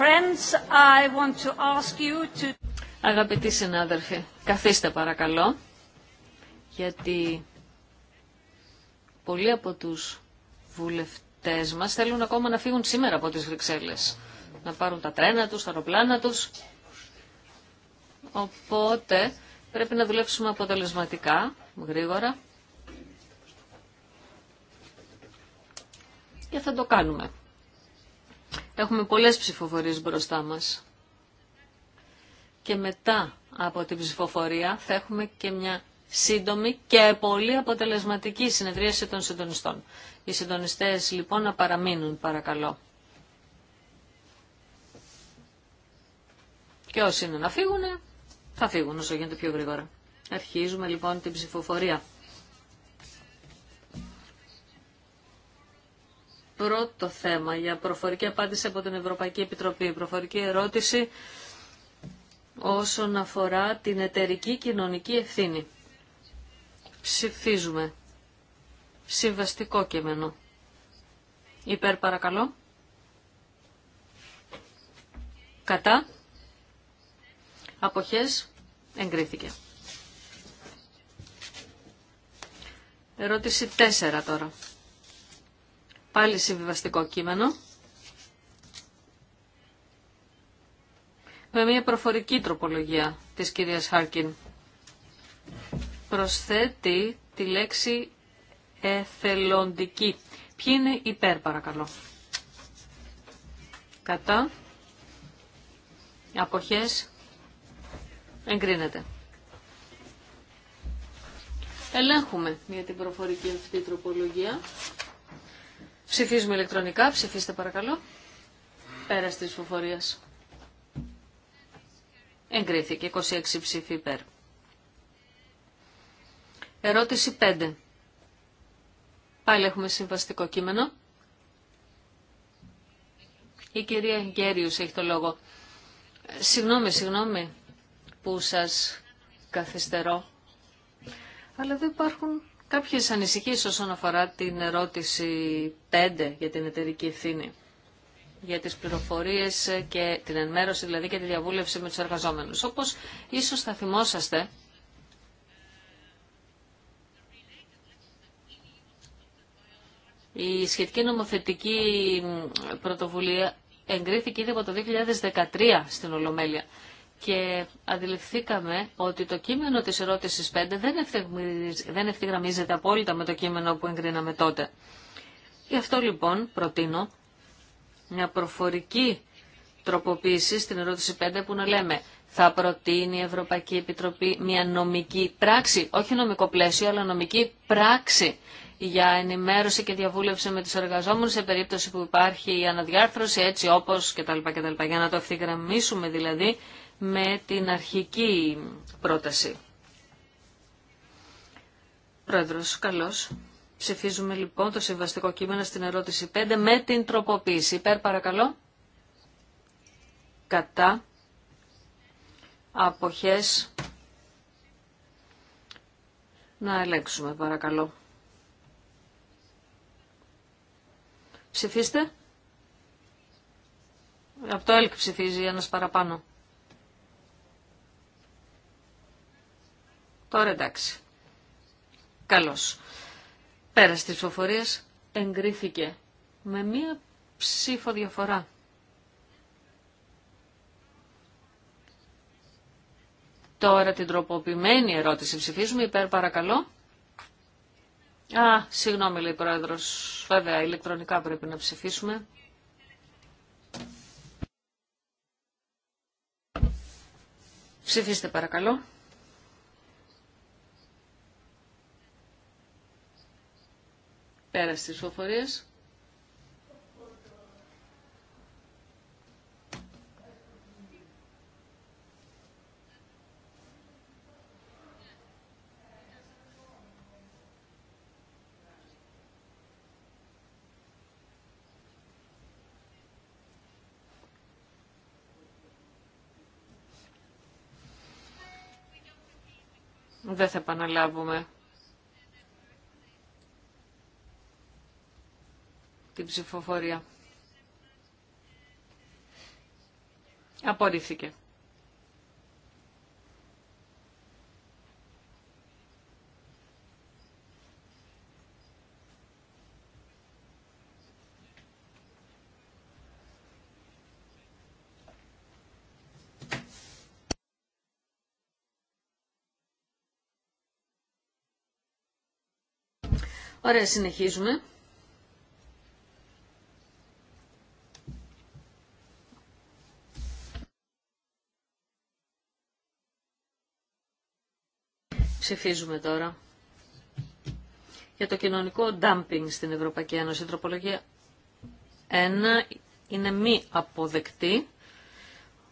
I Αγαπητοί συνάδελφοι, καθίστε παρακαλώ, γιατί πολλοί από τους βουλευτές μας θέλουν ακόμα να φύγουν σήμερα από τις Βρυξέλλες, να πάρουν τα τρένα τους, τα αεροπλάνα τους. Οπότε πρέπει να δουλέψουμε αποτελεσματικά, γρήγορα. Και θα το κάνουμε. Έχουμε πολλές ψηφοφορίες μπροστά μας. Και μετά από την ψηφοφορία θα έχουμε και μια σύντομη και πολύ αποτελεσματική συνεδρίαση των συντονιστών. Οι συντονιστές λοιπόν να παραμείνουν παρακαλώ. Και όσοι είναι να φύγουν, θα φύγουν όσο γίνεται πιο γρήγορα. Αρχίζουμε λοιπόν την ψηφοφορία. πρώτο θέμα για προφορική απάντηση από την Ευρωπαϊκή Επιτροπή. Προφορική ερώτηση όσον αφορά την εταιρική κοινωνική ευθύνη. Ψηφίζουμε. Συμβαστικό κείμενο. Υπέρ παρακαλώ. Κατά. Αποχές. Εγκρίθηκε. Ερώτηση 4 τώρα. Πάλι συμβιβαστικό κείμενο. Με μια προφορική τροπολογία της κυρίας Χάρκιν. Προσθέτει τη λέξη εθελοντική. Ποιοι είναι υπέρ παρακαλώ. Κατά. Αποχές. Εγκρίνεται. Ελέγχουμε μια την προφορική αυτή τροπολογία. Ψηφίζουμε ηλεκτρονικά. Ψηφίστε παρακαλώ. Πέρα τη ψηφοφορία. Εγκρίθηκε. 26 ψήφοι υπέρ. Ερώτηση 5. Πάλι έχουμε συμβαστικό κείμενο. Η κυρία Γκέριους έχει το λόγο. Συγγνώμη, συγγνώμη που σας καθυστερώ. Αλλά δεν υπάρχουν κάποιες ανησυχίες όσον αφορά την ερώτηση 5 για την εταιρική ευθύνη για τις πληροφορίες και την ενημέρωση δηλαδή και τη διαβούλευση με τους εργαζόμενους. Όπως ίσως θα θυμόσαστε, η σχετική νομοθετική πρωτοβουλία εγκρίθηκε ήδη από το 2013 στην Ολομέλεια και αντιληφθήκαμε ότι το κείμενο της ερώτησης 5 δεν ευθυγραμμίζεται απόλυτα με το κείμενο που εγκρίναμε τότε. Γι' αυτό λοιπόν προτείνω μια προφορική τροποποίηση στην ερώτηση 5 που να λέμε θα προτείνει η Ευρωπαϊκή Επιτροπή μια νομική πράξη, όχι νομικό πλαίσιο, αλλά νομική πράξη για ενημέρωση και διαβούλευση με τους εργαζόμενους σε περίπτωση που υπάρχει η αναδιάρθρωση, έτσι όπως κτλ. κτλ. Για να το ευθυγραμμίσουμε δηλαδή με την αρχική πρόταση. Πρόεδρος, καλώς. Ψηφίζουμε λοιπόν το συμβαστικό κείμενο στην ερώτηση 5 με την τροποποίηση. Υπέρ παρακαλώ. Κατά. Αποχές. Να ελέγξουμε παρακαλώ. Ψηφίστε. Από το ΕΛΚ ψηφίζει ένας παραπάνω. Τώρα εντάξει. Καλώς. Πέρα στις ψηφοφορίες εγκρίθηκε με μία ψήφο διαφορά. Τώρα την τροποποιημένη ερώτηση ψηφίζουμε υπέρ παρακαλώ. Α, συγγνώμη λέει πρόεδρος, βέβαια ηλεκτρονικά πρέπει να ψηφίσουμε. Ψηφίστε παρακαλώ. Πέρα στις ψηφοφορίες. Δεν θα επαναλάβουμε την ψηφοφορία. Απορρίφθηκε. Ωραία, συνεχίζουμε. Ψηφίζουμε τώρα για το κοινωνικό dumping στην Ευρωπαϊκή Ένωση. Η τροπολογία 1 είναι μη αποδεκτή.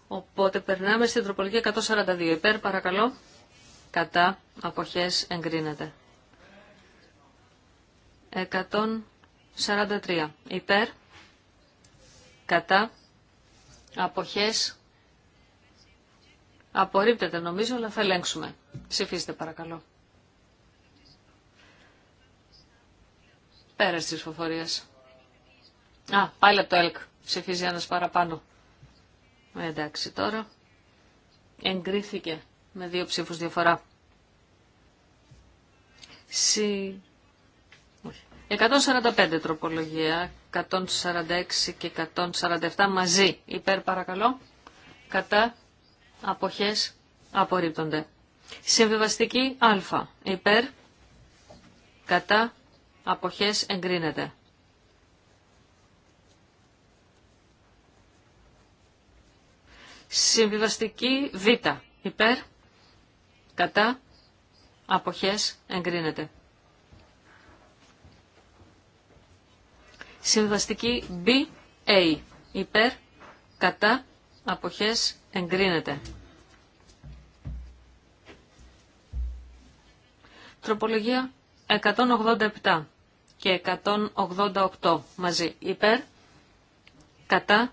Οπότε περνάμε στην τροπολογία 142. Υπέρ παρακαλώ. Κατά αποχές εγκρίνεται. 143. Υπέρ. Κατά αποχές Απορρίπτεται νομίζω, αλλά θα ελέγξουμε. Ψηφίστε παρακαλώ. Πέρα τη ψηφοφορίας. Α, πάλι από το ΕΛΚ. Ψηφίζει ένας παραπάνω. Εντάξει τώρα. Εγκρίθηκε με δύο ψήφους διαφορά. Συ... 145 τροπολογία, 146 και 147 μαζί. Υπέρ παρακαλώ. Κατά αποχές απορρίπτονται. Συμβιβαστική α. Υπέρ, κατά, αποχές εγκρίνεται. Συμβιβαστική β. Υπέρ, κατά, αποχές εγκρίνεται. Συμβιβαστική B, A. Υπέρ, κατά, αποχές Εγκρίνεται. Τροπολογία 187 και 188 μαζί. Υπέρ, κατά,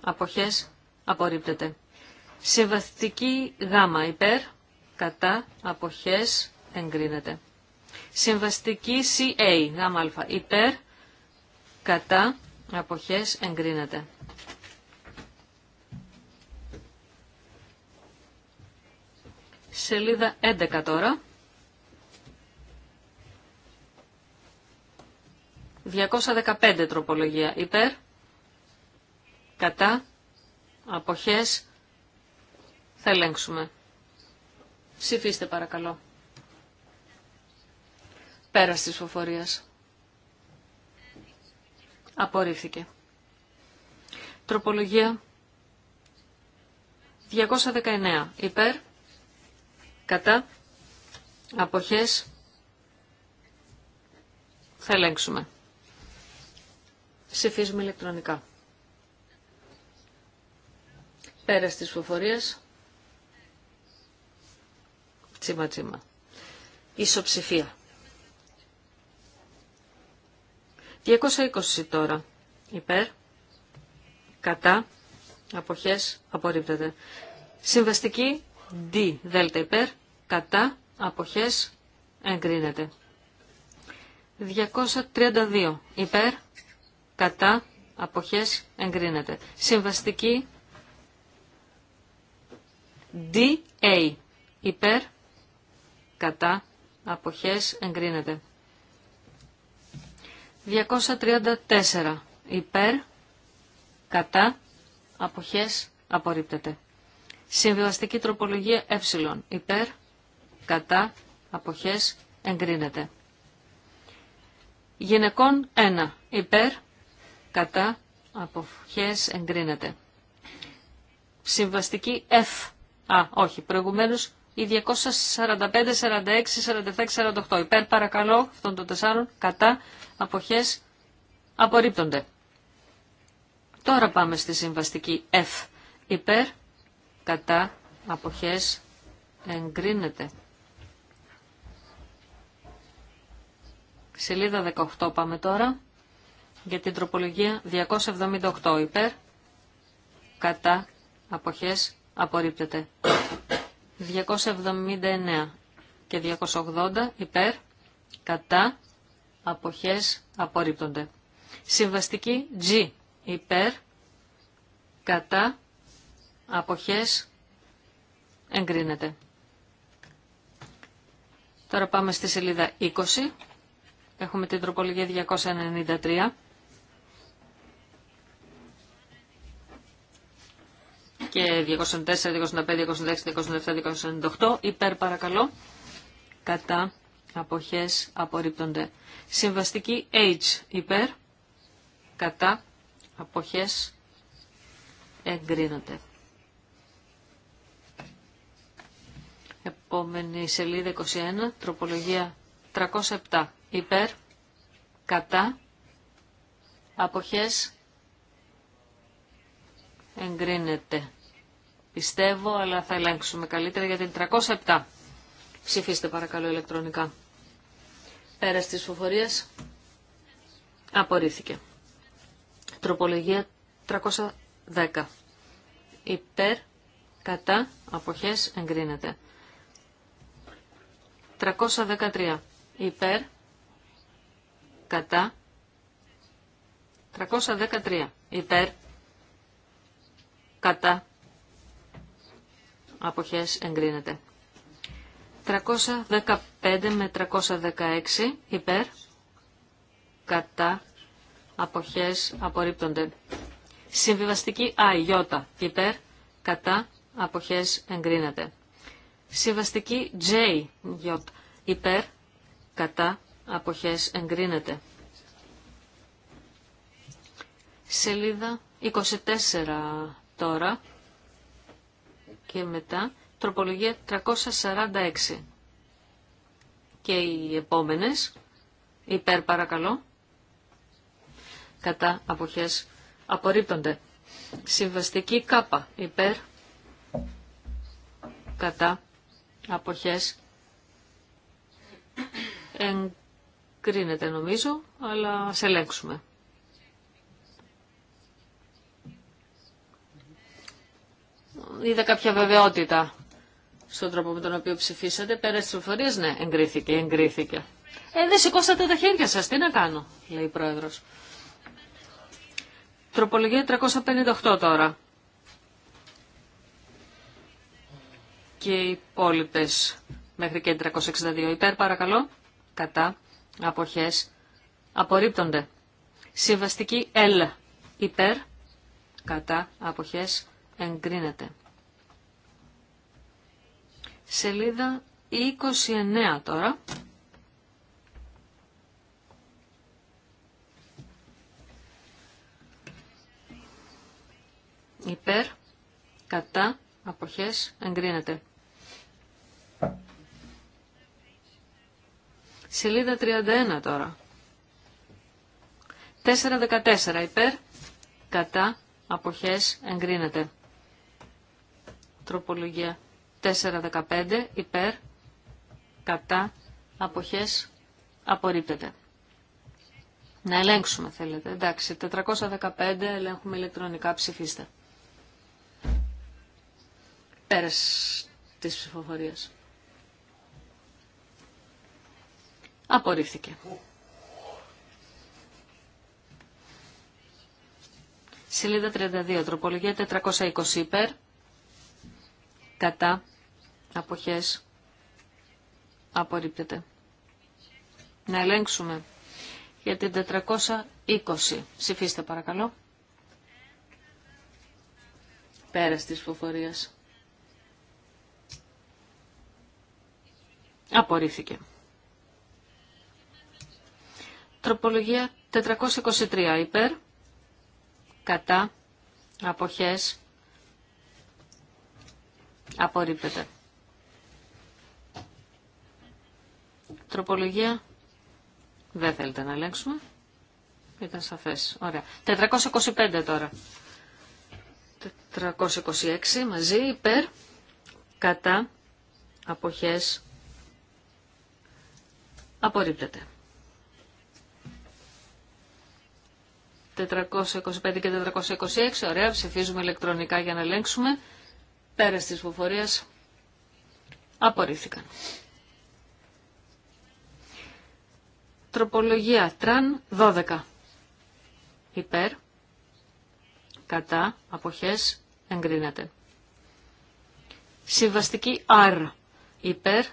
αποχές, απορρίπτεται. Συμβαστική γάμα υπέρ, κατά, αποχές, εγκρίνεται. Συμβαστική CA γάμα Α υπέρ, κατά, αποχές, εγκρίνεται. Σελίδα 11 τώρα. 215 τροπολογία υπέρ, κατά, αποχές, θα ελέγξουμε. Ψηφίστε παρακαλώ. Πέρας της φοφορίας. Απορρίφθηκε. Τροπολογία 219 υπέρ, κατά, αποχές, θα ελέγξουμε. Ψηφίζουμε ηλεκτρονικά. Πέρα της ψηφοφορίας, τσίμα τσίμα, ισοψηφία. 220 τώρα, υπέρ, κατά, αποχές, απορρίπτεται. Συμβαστική D δέλτα υπέρ κατά αποχές εγκρίνεται. 232 υπέρ κατά αποχές εγκρίνεται. Συμβαστική DA υπέρ κατά αποχές εγκρίνεται. 234 υπέρ κατά αποχές απορρίπτεται. Συμβιβαστική τροπολογία ε. Υπέρ, κατά, αποχές, εγκρίνεται. Γυναικών 1. Υπέρ, κατά, αποχές, εγκρίνεται. Συμβαστική F. Α, όχι, προηγουμένως οι 245, 46, 47, 48. Υπέρ παρακαλώ αυτών των τεσσάρων κατά αποχές απορρίπτονται. Τώρα πάμε στη συμβαστική F. Υπέρ κατά αποχές εγκρίνεται. Σελίδα 18 πάμε τώρα για την τροπολογία 278 υπέρ κατά αποχές απορρίπτεται. 279 και 280 υπέρ κατά αποχές απορρίπτονται. Συμβαστική G υπέρ κατά αποχές εγκρίνεται. Τώρα πάμε στη σελίδα 20. Έχουμε την τροπολογία 293. Και 204, 205, 206, 207, 298. Υπέρ παρακαλώ. Κατά αποχές απορρίπτονται. Συμβαστική H υπέρ. Κατά αποχές εγκρίνονται. Επόμενη σελίδα 21, τροπολογία 307. Υπέρ, κατά, αποχές, εγκρίνεται. Πιστεύω, αλλά θα ελέγξουμε καλύτερα για την 307. Ψηφίστε παρακαλώ ηλεκτρονικά. Πέρα της φοφορίας, απορρίφθηκε. Τροπολογία 310. Υπέρ, κατά, αποχές, εγκρίνεται. 313 υπέρ, κατά, 313 υπέρ, κατά, αποχές εγκρίνεται. 315 με 316 υπέρ, κατά, αποχές απορρίπτονται. Συμβιβαστική ΑΙ υπέρ, κατά, αποχές εγκρίνεται. Συμβαστική J, J υπέρ, κατά, αποχές εγκρίνεται. Σελίδα 24 τώρα και μετά τροπολογία 346 και οι επόμενες υπέρ παρακαλώ κατά αποχές απορρίπτονται συμβαστική κάπα υπέρ κατά αποχές εγκρίνεται νομίζω, αλλά σε ελέγξουμε. Είδα κάποια βεβαιότητα στον τρόπο με τον οποίο ψηφίσατε. Πέρα στις προφορίες, ναι, εγκρίθηκε, εγκρίθηκε. Ε, δεν σηκώσατε τα χέρια σας, τι να κάνω, λέει η Πρόεδρος. Τροπολογία 358 τώρα. και οι υπόλοιπε μέχρι και 362 υπέρ παρακαλώ, κατά, αποχές, απορρίπτονται. Συμβαστική L υπέρ, κατά, αποχές, εγκρίνεται. Σελίδα 29 τώρα. Υπέρ, κατά, αποχές, εγκρίνεται. Σελίδα 31 τώρα. 4.14 υπέρ, κατά, αποχές, εγκρίνεται. Τροπολογία 4.15 υπέρ, κατά, αποχές, απορρίπτεται. Να ελέγξουμε θέλετε. Εντάξει, 415 ελέγχουμε ηλεκτρονικά, ψηφίστε. Πέρας της ψηφοφορίας. Απορρίφθηκε. Σελίδα 32, τροπολογία 420 υπέρ, κατά, αποχές, απορρίπτεται. Να ελέγξουμε για την 420. Ψηφίστε παρακαλώ. Πέρας της φοφορίας. Απορρίφθηκε. Τροπολογία 423 υπέρ, κατά, αποχές, απορρίπτεται. Τροπολογία δεν θέλετε να ελέγξουμε. Ήταν σαφές. Ωραία. 425 τώρα. 426 μαζί υπέρ, κατά, αποχές, απορρίπτεται. 425 και 426. Ωραία, ψηφίζουμε ηλεκτρονικά για να ελέγξουμε. Πέρα τη υποφορία. απορρίφθηκαν. Τροπολογία τραν 12. Υπέρ, κατά, αποχές, εγκρίνεται. Συμβαστική R. Υπέρ,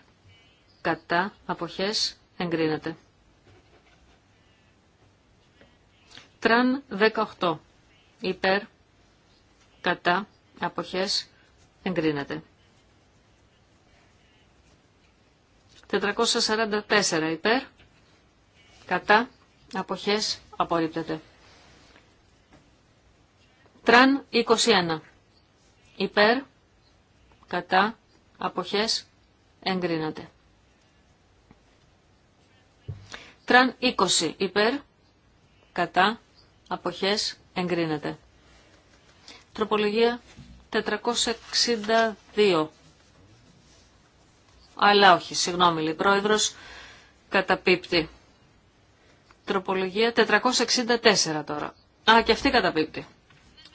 κατά, αποχές, εγκρίνεται. Τραν 18. Υπέρ, κατά, αποχές, εγκρίνεται. 444 υπέρ, κατά, αποχές, απορρίπτεται. Τραν 21. Υπέρ, κατά, αποχές, εγκρίνεται. Τραν 20. Υπέρ, κατά, αποχές εγκρίνεται. Τροπολογία 462. Αλλά όχι, συγγνώμη, λέει πρόεδρος, καταπίπτει. Τροπολογία 464 τώρα. Α, και αυτή καταπίπτει,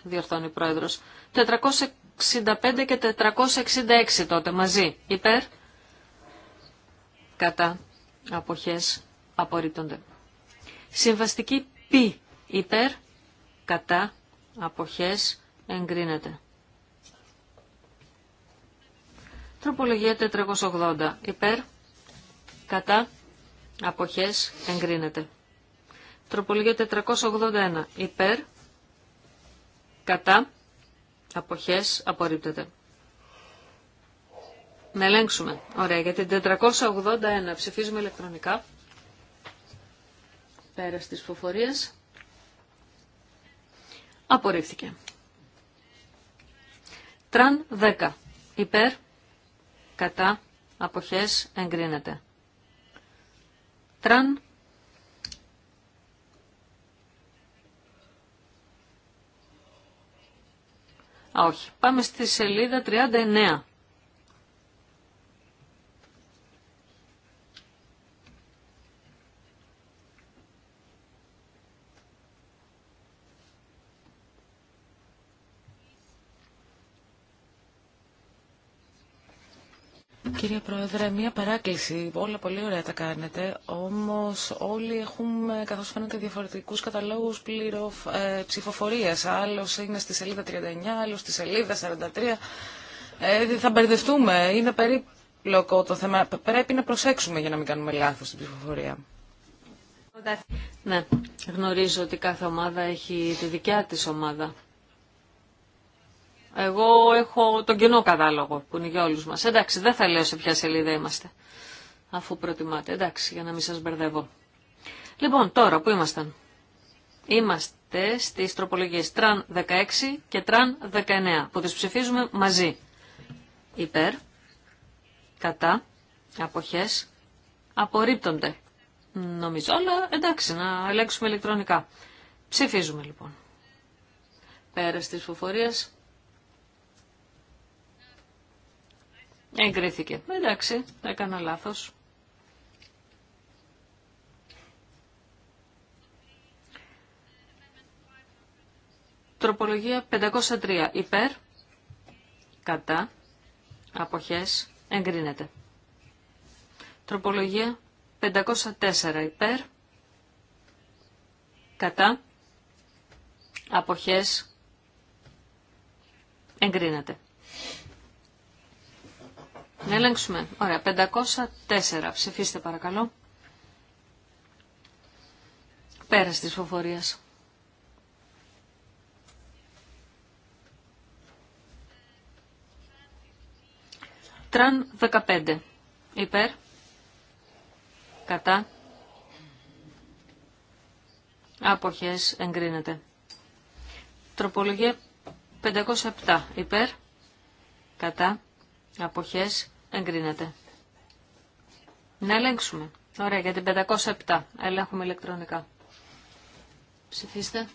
διορθώνει πρόεδρος. 465 και 466 τότε μαζί. Υπέρ, κατά, αποχές, απορρίπτονται. Συμβαστική π υπέρ, κατά, αποχές, εγκρίνεται. Τροπολογία 480, υπέρ, κατά, αποχές, εγκρίνεται. Τροπολογία 481, υπέρ, κατά, αποχές, απορρίπτεται. Να ελέγξουμε. Ωραία, για την 481 ψηφίζουμε ηλεκτρονικά. Πέρα στις φοφορίες. Απορρίφθηκε. Τραν 10. Υπέρ, κατά, αποχές, εγκρίνεται. Τραν Α, όχι. Πάμε στη σελίδα 39. Κύριε Πρόεδρε. Μία παράκληση. Όλα πολύ ωραία τα κάνετε. Όμως όλοι έχουμε, καθώς φαίνεται, διαφορετικούς καταλόγους πλήρω ε, ψηφοφορίας. Άλλος είναι στη σελίδα 39, άλλος στη σελίδα 43. Ε, θα μπερδευτούμε. Είναι περίπλοκο το θέμα. Πρέπει να προσέξουμε για να μην κάνουμε λάθος στην ψηφοφορία. Ναι, γνωρίζω ότι κάθε ομάδα έχει τη δικιά της ομάδα. Εγώ έχω τον κοινό κατάλογο που είναι για όλους μας. Εντάξει, δεν θα λέω σε ποια σελίδα είμαστε, αφού προτιμάτε. Εντάξει, για να μην σας μπερδεύω. Λοιπόν, τώρα που ήμασταν. Είμαστε στις τροπολογίες τραν 16 και τραν 19, που τις ψηφίζουμε μαζί. Υπέρ, κατά, αποχές, απορρίπτονται. Νομίζω, αλλά εντάξει, να ελέγξουμε ηλεκτρονικά. Ψηφίζουμε λοιπόν. Πέρα της φοφορίας Εγκρίθηκε. Εντάξει, έκανα λάθος. Τροπολογία 503. Υπέρ, κατά, αποχές, εγκρίνεται. Τροπολογία 504. Υπέρ, κατά, αποχές, εγκρίνεται. Να ελέγξουμε. Ωραία. 504. Ψηφίστε παρακαλώ. Πέρα της φοφορίας. Τραν 15. Υπέρ. Κατά. Αποχές εγκρίνεται. Τροπολογία 507. Υπέρ. Κατά. Αποχές εγκρίνεται. Να ελέγξουμε. Ωραία, για την 507. Ελέγχουμε ηλεκτρονικά. Ψηφίστε.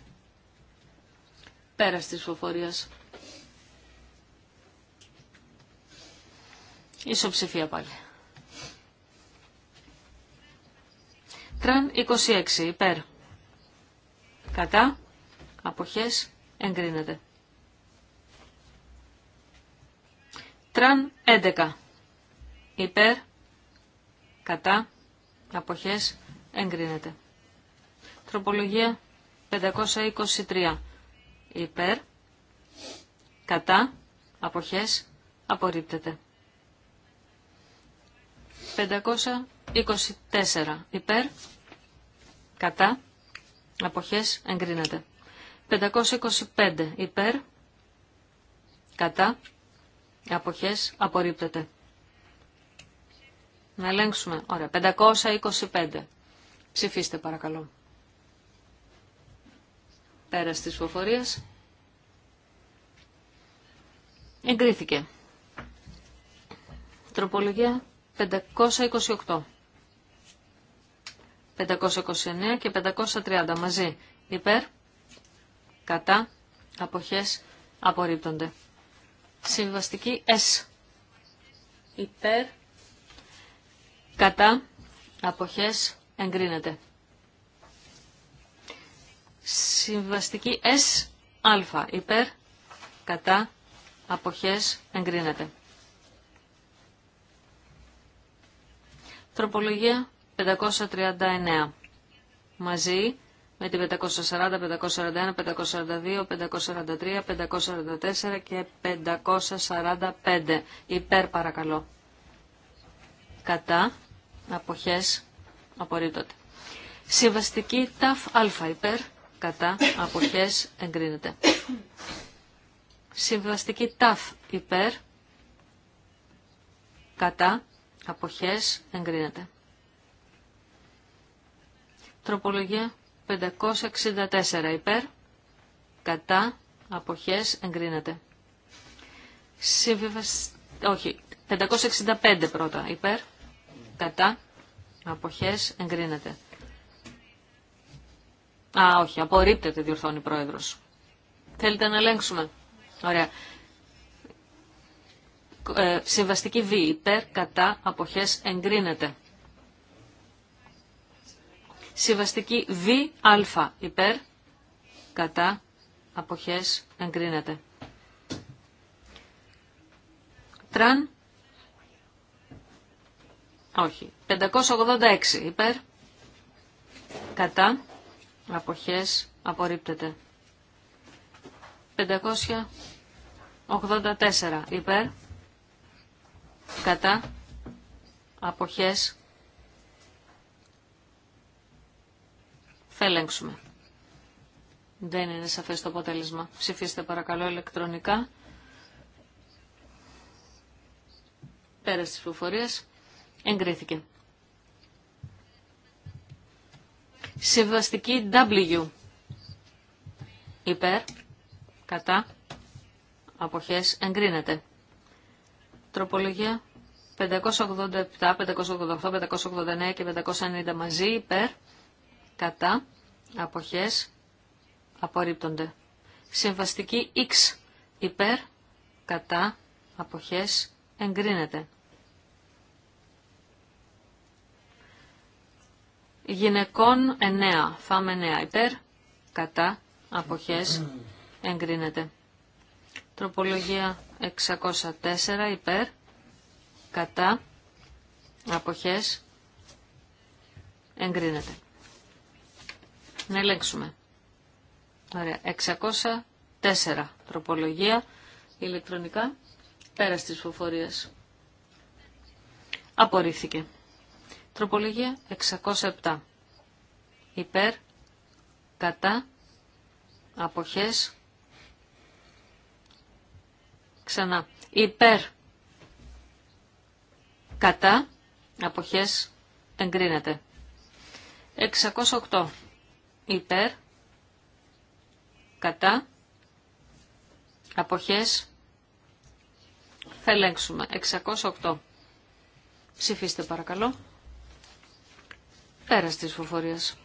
Πέρα της φοφορίας. Ισοψηφία πάλι. Τραν 26, υπέρ. Κατά. Αποχές εγκρίνεται. Τραν 11. Υπέρ, κατά, αποχές, εγκρίνεται. Τροπολογία 523. Υπέρ, κατά, αποχές, απορρίπτεται. 524. Υπέρ, κατά, αποχές, εγκρίνεται. 525. Υπέρ, κατά, Αποχές απορρίπτεται. Να ελέγξουμε. Ωραία. 525. Ψηφίστε παρακαλώ. Πέρα τη φοφορίας. Εγκρίθηκε. Τροπολογία 528. 529 και 530 μαζί. Υπέρ, κατά, αποχές, απορρίπτονται. Συμβαστική S. Υπέρ, κατά, αποχές, εγκρίνεται. Συμβαστική S, α, υπέρ, κατά, αποχές, εγκρίνεται. Τροπολογία 539. Μαζί με την 540, 541, 542, 543, 544 και 545. Υπέρ παρακαλώ. Κατά. Αποχές. Απορρίπτονται. Συμβαστική ταφ α υπέρ. Κατά. Αποχές. Εγκρίνεται. Συμβαστική ταφ υπέρ. Κατά. Αποχές. Εγκρίνεται. Τροπολογία 564 υπέρ, κατά, αποχές, εγκρίνεται. Σύμβιβασ... Όχι, 565 πρώτα υπέρ, κατά, αποχές, εγκρίνεται. Α, όχι, απορρίπτεται, διορθώνει η πρόεδρος. Θέλετε να ελέγξουμε. Ωραία. Ε, συμβαστική βή υπέρ, κατά, αποχές, εγκρίνεται. Συμβαστική ΒΑ υπέρ, κατά, αποχές, εγκρίνεται. Τραν, όχι, 586 υπέρ, κατά, αποχές, απορρίπτεται. 584 υπέρ, κατά, αποχές, Θα ελέγξουμε. Δεν είναι σαφές το αποτέλεσμα. Ψηφίστε παρακαλώ ηλεκτρονικά. Πέρασε της πληροφορίας εγκρίθηκε. Συμβαστική W. Υπέρ, κατά, αποχές εγκρίνεται. Τροπολογία 587, 588, 589 και 590 μαζί, υπέρ, κατά, αποχές, απορρίπτονται. Συμβαστική X, υπέρ, κατά, αποχές, εγκρίνεται. Γυναικών 9, φάμε 9, υπέρ, κατά, αποχές, εγκρίνεται. Τροπολογία 604, υπέρ, κατά, αποχές, εγκρίνεται. Να ελέγξουμε. Ωραία. 604 τροπολογία ηλεκτρονικά πέρα της φοφορίας Απορρίφθηκε. Τροπολογία 607. Υπέρ, κατά, αποχές, ξανά. Υπέρ, κατά, αποχές, εγκρίνεται. 608 υπέρ, κατά, αποχές, θα ελέγξουμε. 608. Ψηφίστε παρακαλώ. Πέρας της φοφορίας.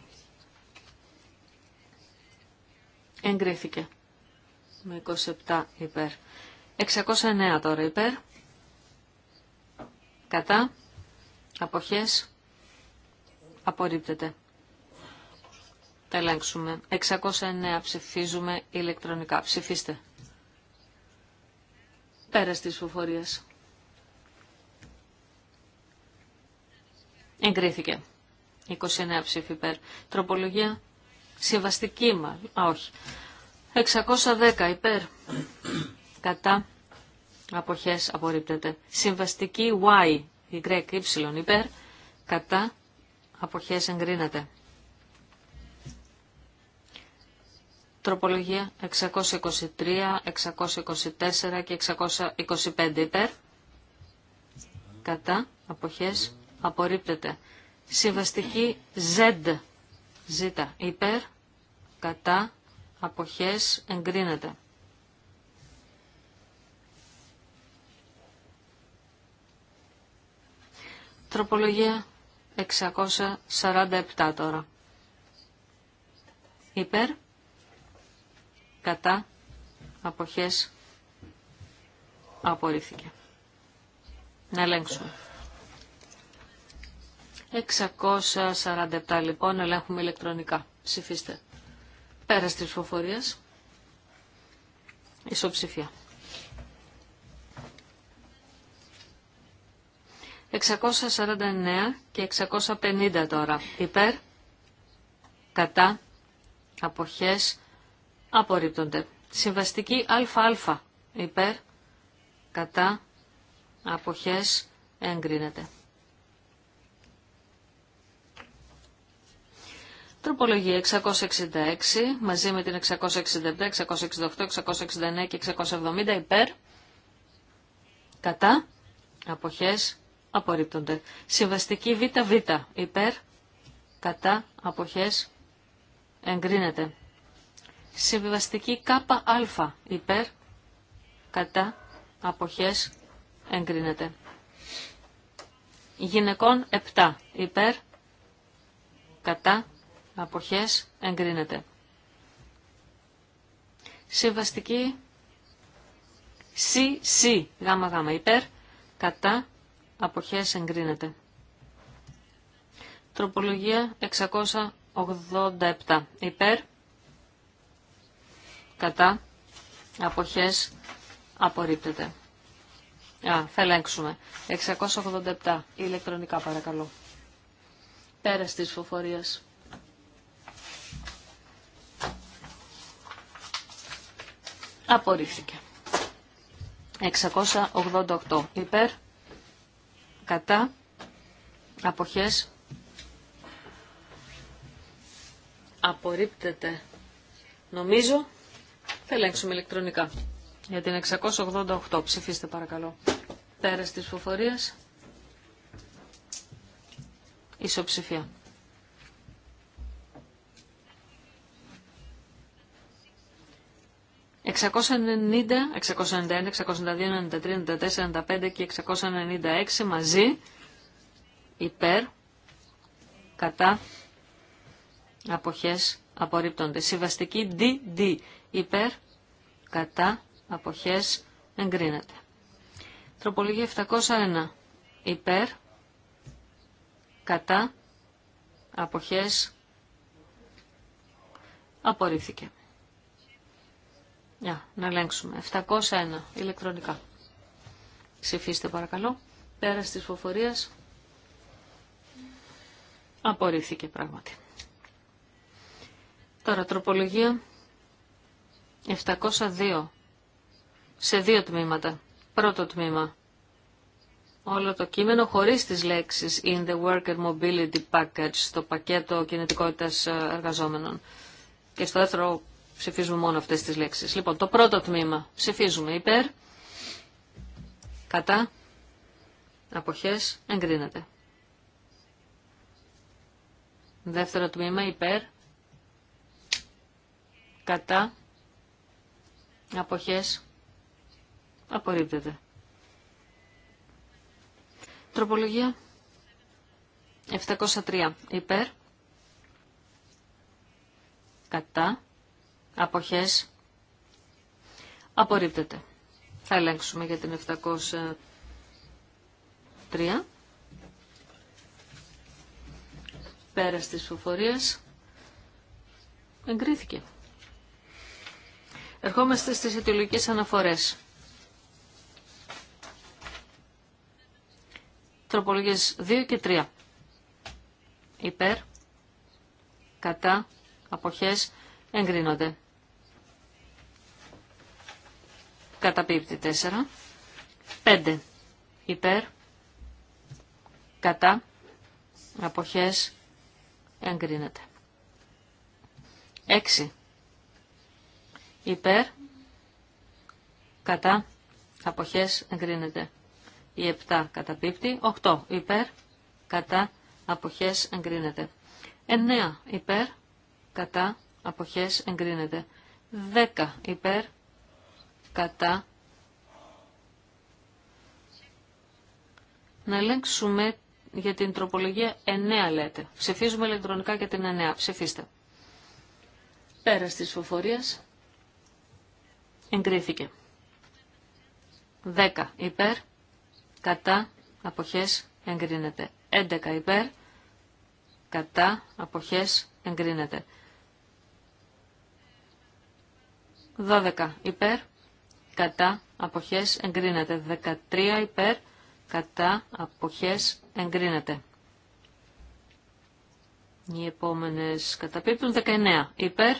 Εγκρίθηκε. Με 27 υπέρ. 609 τώρα υπέρ. Κατά. Αποχές. Απορρίπτεται. Τα ελέγξουμε. 609 ψηφίζουμε ηλεκτρονικά. Ψηφίστε. Πέρα της ψηφοφορίας. Εγκρίθηκε. 29 ψήφι υπέρ. Τροπολογία. Συμβαστική μα. Α, όχι. 610 υπέρ. Κατά. Αποχές απορρίπτεται. Συμβαστική Y. Y. Y υπέρ. Κατά. Αποχές εγκρίνεται. Τροπολογία 623, 624 και 625 υπέρ. Κατά αποχές απορρίπτεται. Συμβαστική Z, Z υπέρ. Κατά αποχές εγκρίνεται. Τροπολογία 647 τώρα. Υπέρ κατά αποχές απορρίφθηκε. Να ελέγξουμε. 647 λοιπόν ελέγχουμε ηλεκτρονικά. Ψηφίστε. Πέρα τη φοφορία. Ισοψηφία. 649 και 650 τώρα. Υπέρ, κατά, αποχές, απορρίπτονται. Συμβαστική ΑΑ υπέρ, κατά, αποχές, εγκρίνεται. Τροπολογία 666 μαζί με την 667, 668, 669 και 670 υπέρ, κατά, αποχές, απορρίπτονται. Συμβαστική ΒΒ υπέρ, κατά, αποχές, εγκρίνεται. Συμβιβαστική ΚΑΠΑ Α υπέρ κατά αποχές εγκρίνεται. Γυναικών 7 υπέρ κατά αποχές εγκρίνεται. Συμβαστική σι γάμα γάμα υπέρ κατά αποχές εγκρίνεται. Τροπολογία 687 υπέρ κατά, αποχές, απορρίπτεται. Α, θα ελέγξουμε. 687, ηλεκτρονικά παρακαλώ. Πέρας της φοφορίας. Απορρίφθηκε. 688 υπέρ, κατά, αποχές, απορρίπτεται. Νομίζω θα ελέγξουμε ηλεκτρονικά. Για την 688 ψηφίστε παρακαλώ. Πέρας της φοφορίας. Ισοψηφία. 690, 691, 692, 93, 94, 95 και 696 μαζί υπέρ, κατά, αποχές απορρίπτονται. Συμβαστική DD υπέρ, κατά, αποχές, εγκρίνεται. Τροπολογία 701, υπέρ, κατά, αποχές, απορρίφθηκε. να ελέγξουμε. 701, ηλεκτρονικά. Ψηφίστε παρακαλώ. Πέρα της φοφορίας. Απορρίφθηκε πράγματι. Τώρα τροπολογία 702. Σε δύο τμήματα. Πρώτο τμήμα. Όλο το κείμενο χωρίς τις λέξεις in the worker mobility package, το πακέτο κινητικότητας ε, εργαζόμενων. Και στο δεύτερο ψηφίζουμε μόνο αυτές τις λέξεις. Λοιπόν, το πρώτο τμήμα ψηφίζουμε υπέρ, κατά, αποχές, εγκρίνεται. Δεύτερο τμήμα υπέρ, κατά, Αποχές. Απορρίπτεται. Τροπολογία. 703. Υπέρ. Κατά. Αποχές. Απορρίπτεται. Θα ελέγξουμε για την 703. Πέρας της φοφορίας. Εγκρίθηκε. Ερχόμαστε στις αιτιολογικές αναφορές. Τροπολογίες 2 και 3. Υπέρ, κατά, αποχές, εγκρίνονται. Καταπίπτει 4. 5. Υπέρ, κατά, αποχές, εγκρίνεται. 6 υπέρ, κατά, αποχές εγκρίνεται. Η 7 καταπίπτει, 8 υπέρ, κατά, αποχές εγκρίνεται. 9 υπέρ, κατά, αποχές εγκρίνεται. 10 υπέρ, κατά, να ελέγξουμε για την τροπολογία 9 λέτε. Ψηφίζουμε ηλεκτρονικά για την 9. Ψηφίστε. Πέρα τη φοφορίας. Εγκρίθηκε. 10 υπέρ. Κατά αποχές εγκρίνεται. 11 υπέρ. Κατά αποχές εγκρίνεται. 12 υπέρ. Κατά αποχές εγκρίνεται. 13 υπέρ. Κατά αποχές εγκρίνεται. Οι επόμενες καταπίπτουν 19 υπέρ,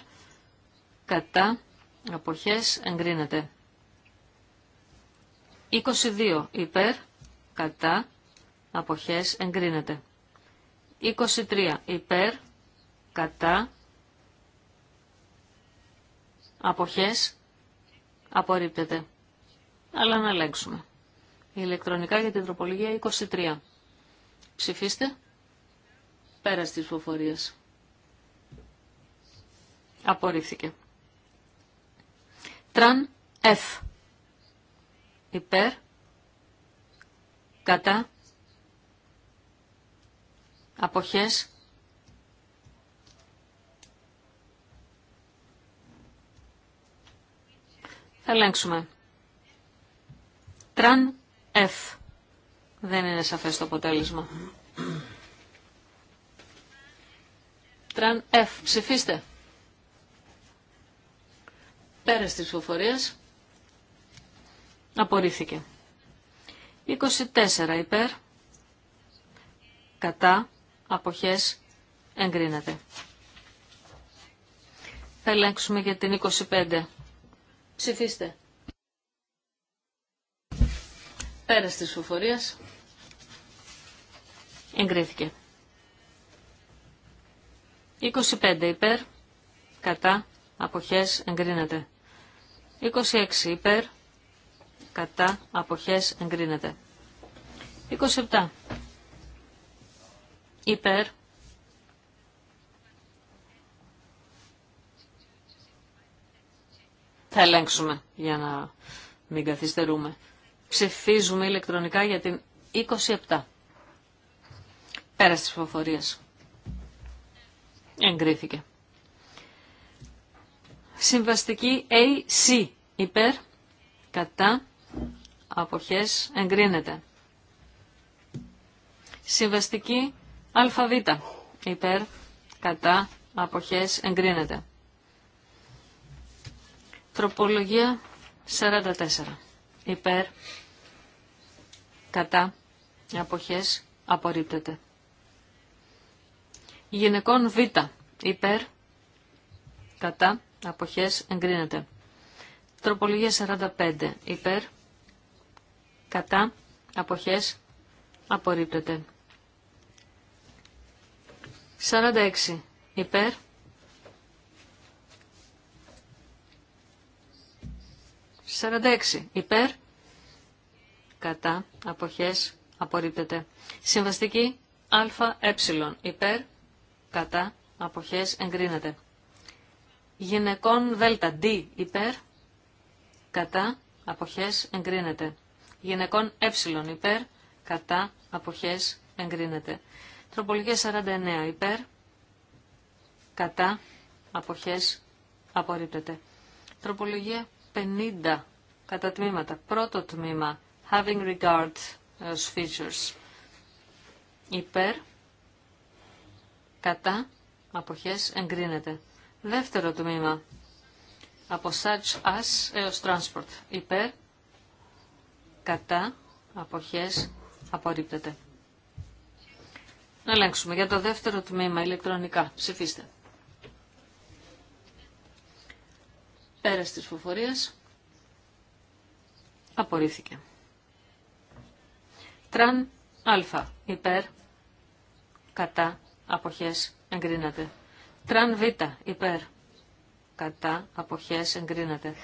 κατά, αποχές εγκρίνεται. 22 υπέρ, κατά, αποχές εγκρίνεται. 23 υπέρ, κατά, αποχές απορρίπτεται. Αλλά να ελέγξουμε. Ηλεκτρονικά για την τροπολογία 23. Ψηφίστε. Πέρα της φοφορίας. Απορρίφθηκε. Τραν F. Υπέρ. Κατά. Αποχές. Θα ελέγξουμε. Τραν F. Δεν είναι σαφές το αποτέλεσμα. Τραν F. Ψηφίστε. Πέρας της φοφορία απορρίφθηκε. 24 υπέρ, κατά, αποχές, εγκρίνεται. Θα ελέγξουμε για την 25. Ψηφίστε. Πέρας της ψηφοφορίας εγκρίθηκε. 25 υπέρ, κατά, αποχές, εγκρίνεται. 26 υπέρ, κατά, αποχές, εγκρίνεται. 27 υπέρ, θα ελέγξουμε για να μην καθυστερούμε. Ψηφίζουμε ηλεκτρονικά για την 27. Πέρα της ψηφοφορίας. Εγκρίθηκε. Συμβαστική AC υπέρ κατά αποχές εγκρίνεται. Συμβαστική ΑΒ υπέρ κατά αποχές εγκρίνεται. Τροπολογία 44 υπέρ κατά αποχές απορρίπτεται. Γυναικών Β υπέρ κατά Αποχές εγκρίνεται. Τροπολογία 45. Υπέρ. Κατά. Αποχές απορρίπτεται. 46. Υπέρ. 46. Υπέρ. Κατά. Αποχές. Απορρίπτεται. Συμβαστική. ΑΕ. Υπέρ. Κατά. Αποχές. Εγκρίνεται. Γυναικών δέλτα D υπέρ, κατά, αποχές εγκρίνεται. Γυναικών ε υπέρ, κατά, αποχές εγκρίνεται. Τροπολογία 49 υπέρ, κατά, αποχές απορρίπτεται. Τροπολογία 50 κατά τμήματα. Πρώτο τμήμα, having regard as ε, features. Υπέρ, κατά, αποχές εγκρίνεται. Δεύτερο τμήμα. Από such as έως transport. Υπέρ, κατά, αποχές, απορρίπτεται. Να ελέγξουμε για το δεύτερο τμήμα ηλεκτρονικά. Ψηφίστε. Πέρας της φοφορίας. Απορρίφθηκε. Τραν α. Υπέρ. Κατά. Αποχές. Εγκρίνεται. Τραν Β, υπέρ. Κατά, αποχές, εγκρίνεται.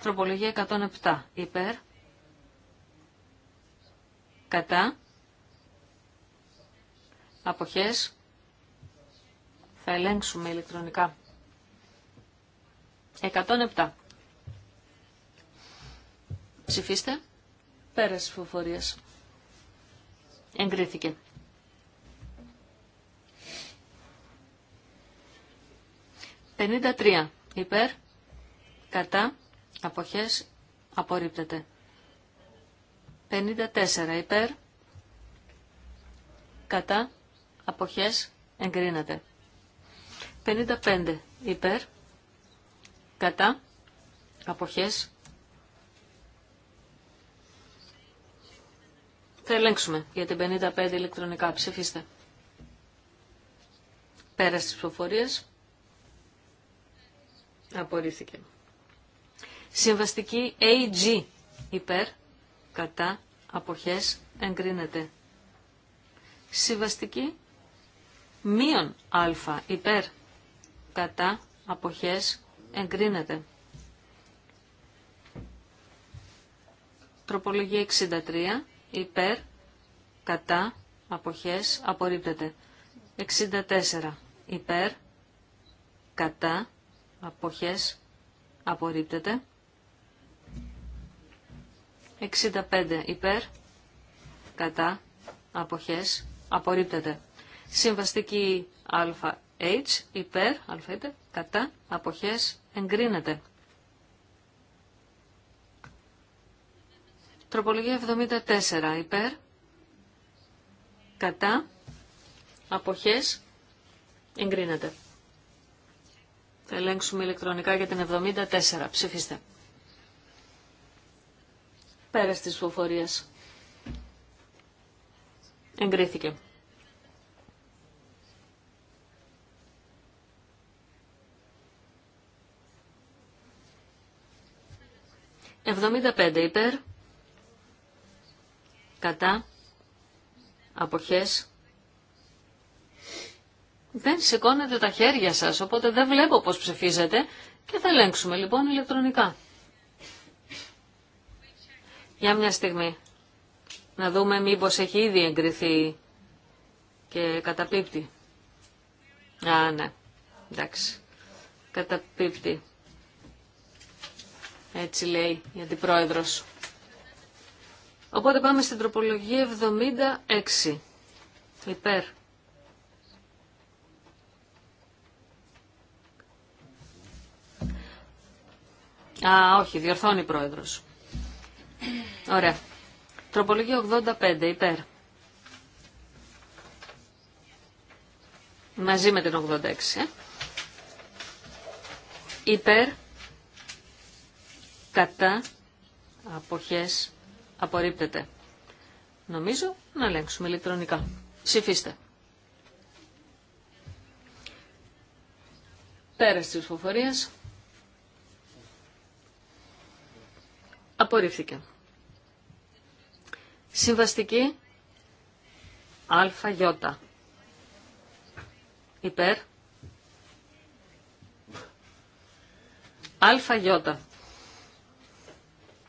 Τροπολογία 107, υπέρ. Κατά, αποχές, θα ελέγξουμε ηλεκτρονικά. 107. Ψηφίστε. Πέρασε φοφορίας. Εγκρίθηκε. 53 υπέρ, κατά, αποχές, απορρίπτεται. 54 υπέρ, κατά, αποχές, εγκρίνεται. 55 υπέρ, κατά, αποχές, Θα ελέγξουμε για την 55 ηλεκτρονικά. Ψηφίστε. πέρα τη ψηφοφορίες... Απορρίφθηκε. Συμβαστική AG υπέρ κατά αποχές εγκρίνεται. Συμβαστική μείον α υπέρ κατά αποχές εγκρίνεται. Τροπολογία 63 υπέρ κατά αποχές απορρίπτεται. 64 υπέρ κατά αποχές απορρίπτεται. 65 υπέρ, κατά, αποχές, απορρίπτεται. Συμβαστική H. υπέρ, κατά, αποχές, εγκρίνεται. Τροπολογία 74 υπέρ, κατά, αποχές, εγκρίνεται. Θα ελέγξουμε ηλεκτρονικά για την 74. Ψηφίστε. Πέρας της ψηφοφορίας. Εγκρίθηκε. 75 πέντε υπέρ, κατά, αποχές, δεν σηκώνετε τα χέρια σας, οπότε δεν βλέπω πώς ψηφίζετε και θα ελέγξουμε λοιπόν ηλεκτρονικά. Για μια στιγμή. Να δούμε μήπως έχει ήδη εγκριθεί και καταπίπτει. Α, ναι. Εντάξει. Καταπίπτει. Έτσι λέει η Αντιπρόεδρος. Οπότε πάμε στην τροπολογία 76. Υπέρ. Α, όχι, διορθώνει η πρόεδρος. Ωραία. Τροπολογία 85, υπέρ. Μαζί με την 86. Ε. Υπέρ, κατά, αποχές, απορρίπτεται. Νομίζω να ελέγξουμε ηλεκτρονικά. Ψηφίστε. Πέρας της ψηφοφορίας. Απορρίφθηκε. Συμβαστική ΑΙ. Υπέρ. ΑΙ.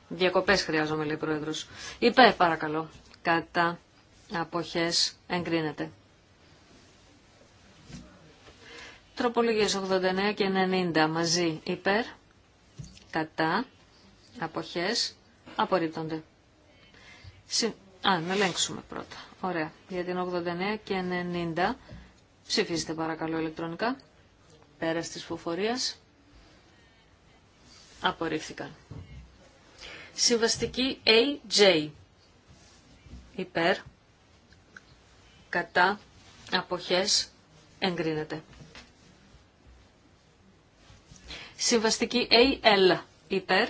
Διακοπές χρειάζομαι, λέει ο Πρόεδρος. Υπέρ, παρακαλώ. Κατά αποχές εγκρίνεται. Τροπολογίες 89 και 90 μαζί υπέρ, κατά, αποχές απορρίπτονται. Α, να ελέγξουμε πρώτα. Ωραία. Για την 89 και 90 ψηφίστε παρακαλώ ηλεκτρονικά. Πέρα της φοφορίας απορρίφθηκαν. Συμβαστική AJ. Υπέρ, κατά, αποχές, εγκρίνεται. Συμβαστική AL. Υπέρ,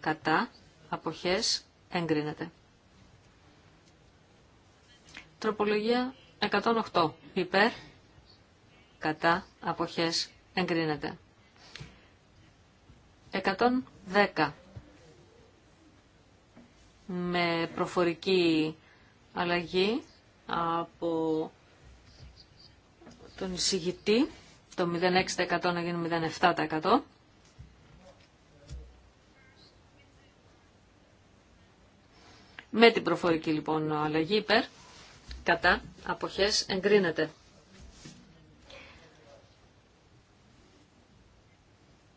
κατά, αποχές, εγκρίνεται. Τροπολογία 108. Υπέρ, κατά, αποχές, εγκρίνεται. 110. Με προφορική αλλαγή από τον εισηγητή, το 0,6% να γίνει 0,7%. Με την προφορική λοιπόν αλλαγή υπέρ, κατά, αποχές, εγκρίνεται.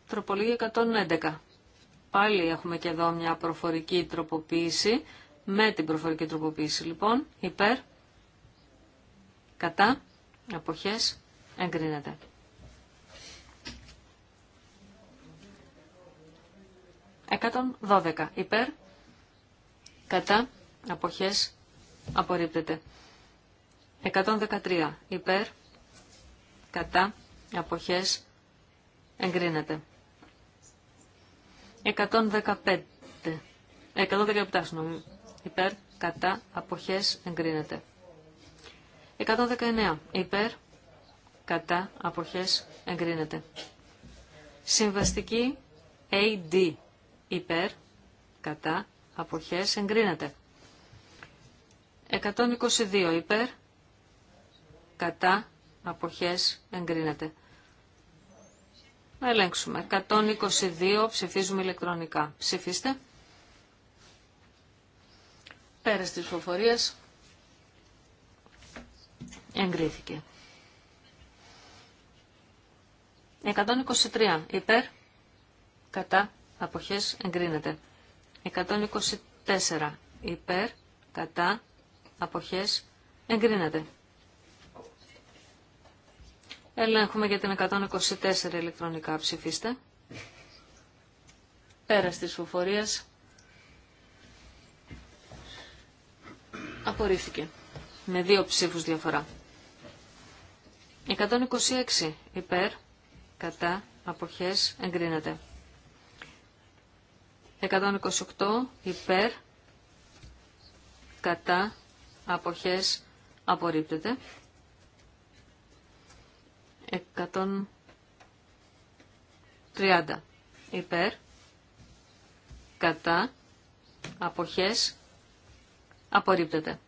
Τροπολογία 111. Πάλι έχουμε και εδώ μια προφορική τροποποίηση. Με την προφορική τροποποίηση λοιπόν, υπέρ, κατά, αποχές, εγκρίνεται. Εκατόν υπέρ, κατά αποχές απορρίπτεται. 113 υπέρ κατά αποχές εγκρίνεται. 115 117 υπέρ κατά αποχές εγκρίνεται. 119 υπέρ κατά αποχές εγκρίνεται. Συμβαστική AD υπέρ κατά αποχές εγκρίνεται. 122 υπέρ, κατά, αποχές εγκρίνεται. Να ελέγξουμε. 122 ψηφίζουμε ηλεκτρονικά. Ψηφίστε. Πέρας της ψηφοφορίας εγκρίθηκε. 123 υπέρ, κατά, αποχές εγκρίνεται. 124 υπέρ, κατά, αποχές, εγκρίνεται. Ελέγχουμε για την 124 ηλεκτρονικά ψηφίστε. Πέρας της φοφορίας. Απορρίφθηκε. Με δύο ψήφους διαφορά. 126 υπέρ, κατά, αποχές, εγκρίνεται. 128 υπέρ κατά αποχές απορρίπτεται. 130 υπέρ κατά αποχές απορρίπτεται.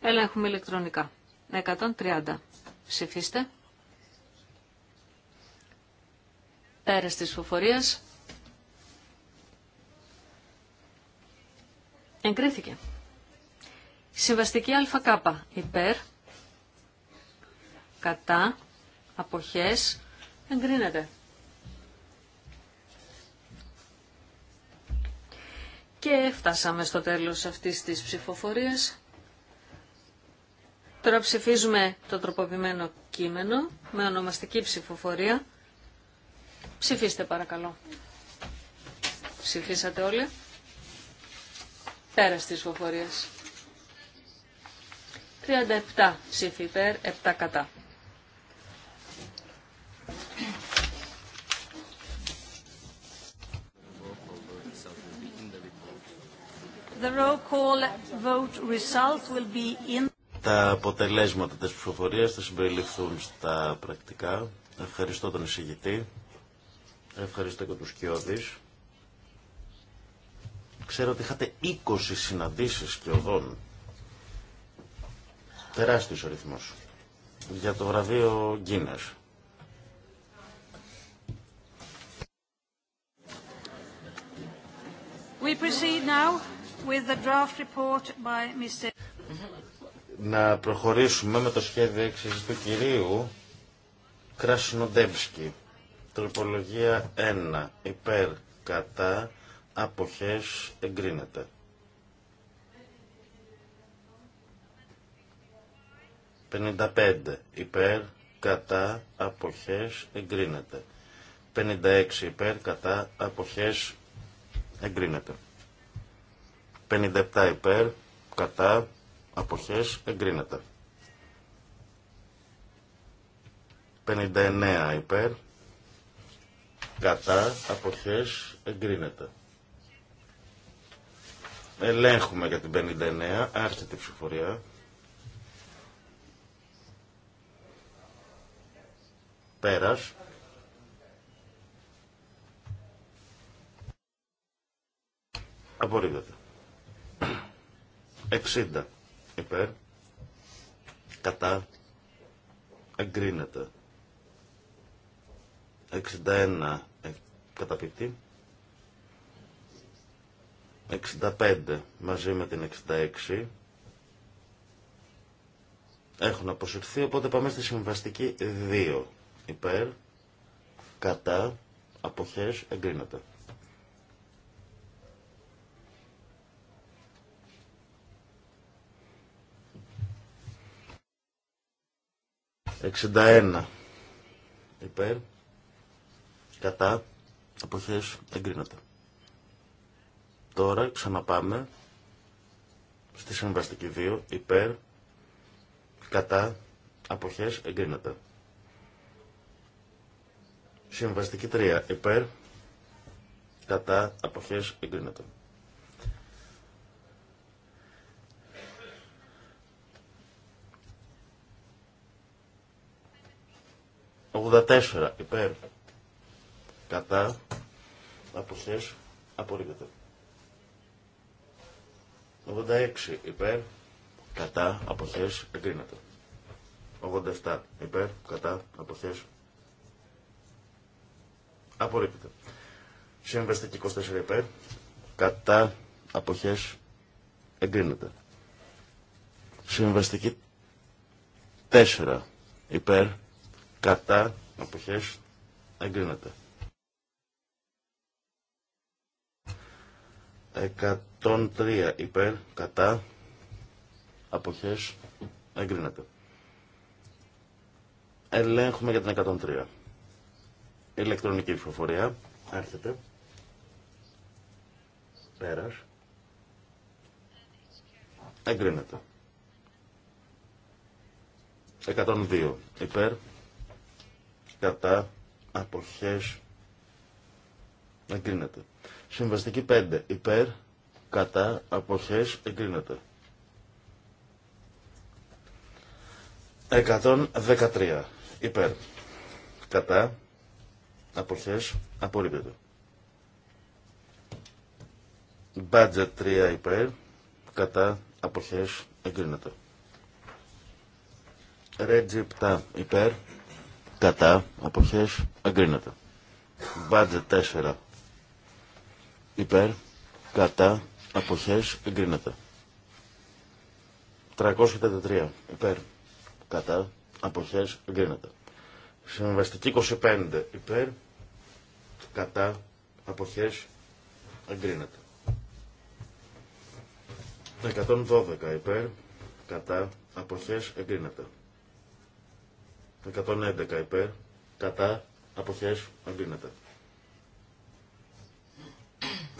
Ελέγχουμε ηλεκτρονικά. 130. Ψηφίστε. Πέρας της φοφορίας. Εγκρίθηκε. Συμβαστική ΑΚ υπέρ, κατά, αποχές, εγκρίνεται. Και φτάσαμε στο τέλος αυτής της ψηφοφορίας. Τώρα ψηφίζουμε το τροποποιημένο κείμενο με ονομαστική ψηφοφορία. Ψηφίστε παρακαλώ. Ψηφίσατε όλοι. Πέρα της ψηφοφορίας. 37 ψήφοι υπέρ, 7 κατά. The roll call vote result will be in... Τα αποτελέσματα της ψηφοφορίας θα συμπεριληφθούν στα πρακτικά. Ευχαριστώ τον εισηγητή. Ευχαριστώ και τους κοιόδης. Ξέρω ότι είχατε 20 συναντήσεις και οδόν. Τεράστιος ο ρυθμός. Για το βραβείο Γκίνες. We proceed now with the draft report by Mr. Να προχωρήσουμε με το σχέδιο έξιση του κυρίου Κρασινοντέμσκι. Τροπολογία 1. Υπέρ κατά αποχές εγκρίνεται. 55 υπέρ κατά αποχές εγκρίνεται. 56 υπέρ κατά αποχές εγκρίνεται. 57 υπέρ κατά αποχές εγκρίνεται. 59 υπέρ κατά αποχές εγκρίνεται. Ελέγχουμε για την 59. Άρχισε την ψηφοφορία. Πέρας. Απορρίπτεται. 60 υπέρ. Κατά. Εγκρίνεται. 61 ε, καταπληκτή. 65 μαζί με την 66 έχουν αποσυρθεί, οπότε πάμε στη συμβαστική 2. Υπέρ, κατά, αποχές, εγκρίνεται. 61 Υπέρ, κατά, αποχές, εγκρίνεται. Τώρα ξαναπάμε στη συμβαστική 2 υπέρ κατά αποχές εγκρίνεται. Συμβαστική 3 υπέρ κατά αποχές εγκρίνεται. 84 υπέρ κατά αποχές απορρίπτεται. 86 υπέρ, κατά, αποχές, εγκρίνεται. 87 υπέρ, κατά, αποχές, απορρίπτεται. Συμβεστική 24 υπέρ, κατά, αποχές, εγκρίνεται. Συμβαστική 4 υπέρ, κατά, αποχές, εγκρίνεται. 103 υπέρ, κατά, αποχές, εγκρίνεται. Ελέγχουμε για την 103. Ηλεκτρονική ψηφοφορία, άρχεται. Πέρας. Εγκρίνεται. 102 υπέρ, κατά, αποχές, εγκρίνεται. Συμβαστική 5. Υπέρ, κατά, αποχές, εγκρίνεται. 113. Υπέρ, κατά, αποχές, απορρίπτεται. Budget 3 υπέρ, κατά, αποχές, εγκρίνεται. Ρετζι 7 υπέρ, κατά, αποχές, εγκρίνεται. Budget 4 υπέρ, κατά, αποχές, εγκρίνεται. 333 υπέρ, κατά, αποχές, εγκρίνεται. Συμβαστική 25 υπέρ, κατά, αποχές, εγκρίνεται. 112 υπέρ, κατά, αποχές, εγκρίνεται. 111 υπέρ, κατά, αποχές, εγκρίνεται.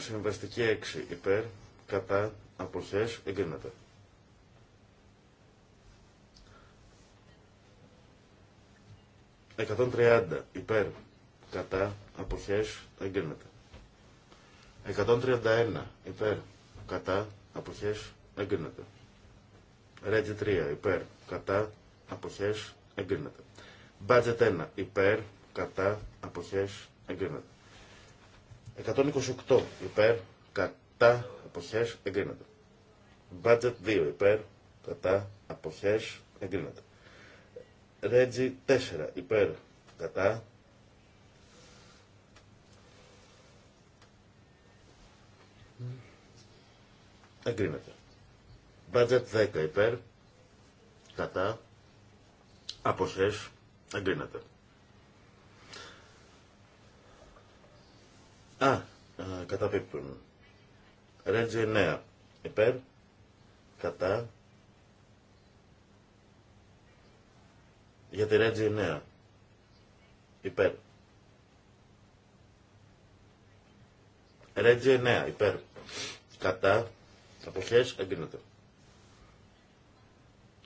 Συμβαστική 6 υπέρ, κατά, αποχές, εγκρίνεται. 130 υπέρ, κατά, αποχές, εγκρίνεται. 131 υπέρ, κατά, αποχέ, εγκρίνεται. Ρέτζι 3 υπέρ, κατά, απόχέ εγκρίνεται. Budget 1 υπέρ, κατά, απόχέ, εγκρίνεται. 128 υπέρ, κατά, αποχές, εγκρίνεται. Budget 2 υπέρ, κατά, αποχές, εγκρίνεται. Reggie 4 υπέρ, κατά, εγκρίνεται. Budget 10 υπέρ, κατά, αποχές, εγκρίνεται. Α, α καταπίπτουν. Ρέτζι 9. Υπέρ. Κατά. Για τη Ρέτζι 9. Υπέρ. Ρέτζι 9. Υπέρ. Κατά. Αποχές εγκρίνεται.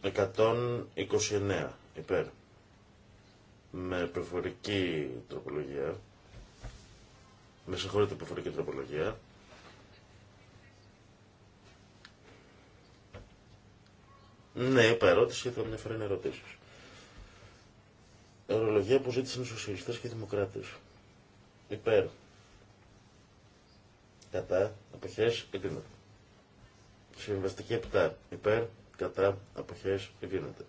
129. Υπέρ. Με προφορική τροπολογία με συγχωρείτε που φορεί και τροπολογία. Ναι, είπα ερώτηση, θα μια φορά είναι ερωτήσει. Ορολογία που ζήτησαν οι σοσιαλιστές και οι δημοκράτες. Υπέρ. Κατά. Αποχές. Εγκρίνεται. Συμβαστική επτά. Υπέρ. Κατά. Αποχές. Εγκρίνεται.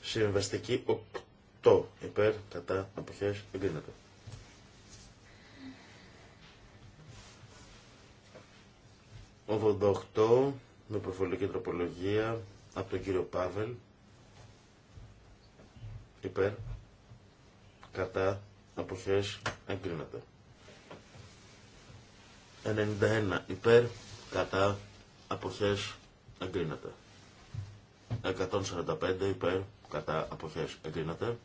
Συμβαστική το υπέρ κατά αποχές εγκρίνεται. ...88 με προφορική τροπολογία από τον κύριο Πάβελ υπέρ κατά αποχές εγκρίνεται. 91 υπέρ κατά αποχές εγκρίνεται. 145 υπέρ κατά αποχές εγκρίνεται.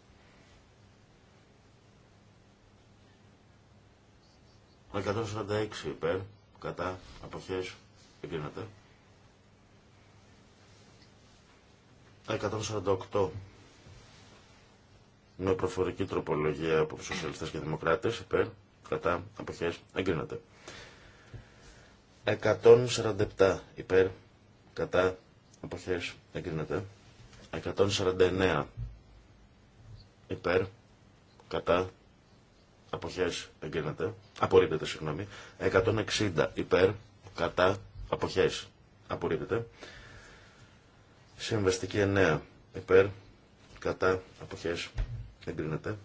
146 υπέρ, κατά, αποχές, εγκρίνεται. 148 με προφορική τροπολογία από τους σοσιαλιστές και δημοκράτες, υπέρ, κατά, αποχές, εγκρίνεται. 147 υπέρ, κατά, αποχές, εγκρίνεται. 149 υπέρ, κατά, αποχές εγκρίνεται, απορρίπτεται συγγνώμη, 160 υπέρ, κατά, αποχές απορρίπτεται, συμβαστική 9 υπέρ, κατά, αποχές εγκρίνεται,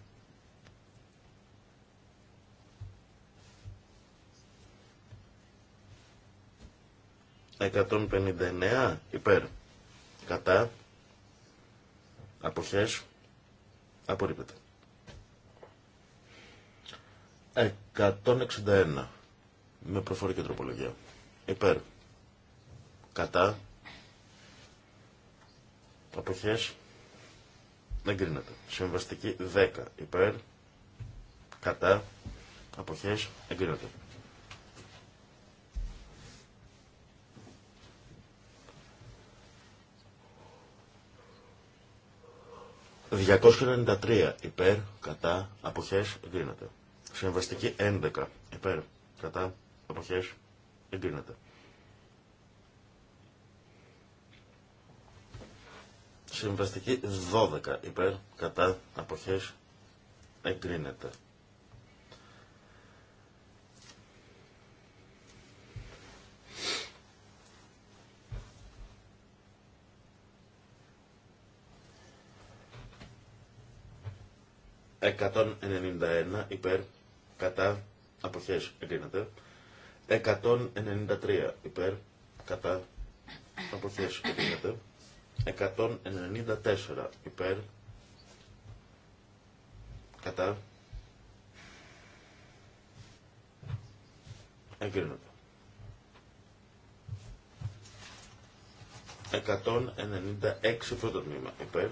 159 υπέρ, κατά, αποχές απορρίπτεται. 161 με προφορική τροπολογία. Υπέρ. Κατά. Αποχές. Εγκρίνεται. Συμβαστική 10. Υπέρ. Κατά. Αποχές. Εγκρίνεται. 293 υπέρ, κατά, αποχές, εγκρίνεται. Συμβαστική 11. Υπέρ. Κατά. Αποχές. Εγκρίνεται. Συμβαστική 12. Υπέρ. Κατά. Αποχές. Εγκρίνεται. Εκατόν υπέρ κατά αποχές εγκρίνεται. 193 υπέρ κατά αποχές εγκρίνεται. 194 υπέρ κατά εγκρίνεται. 196 πρώτο τμήμα υπέρ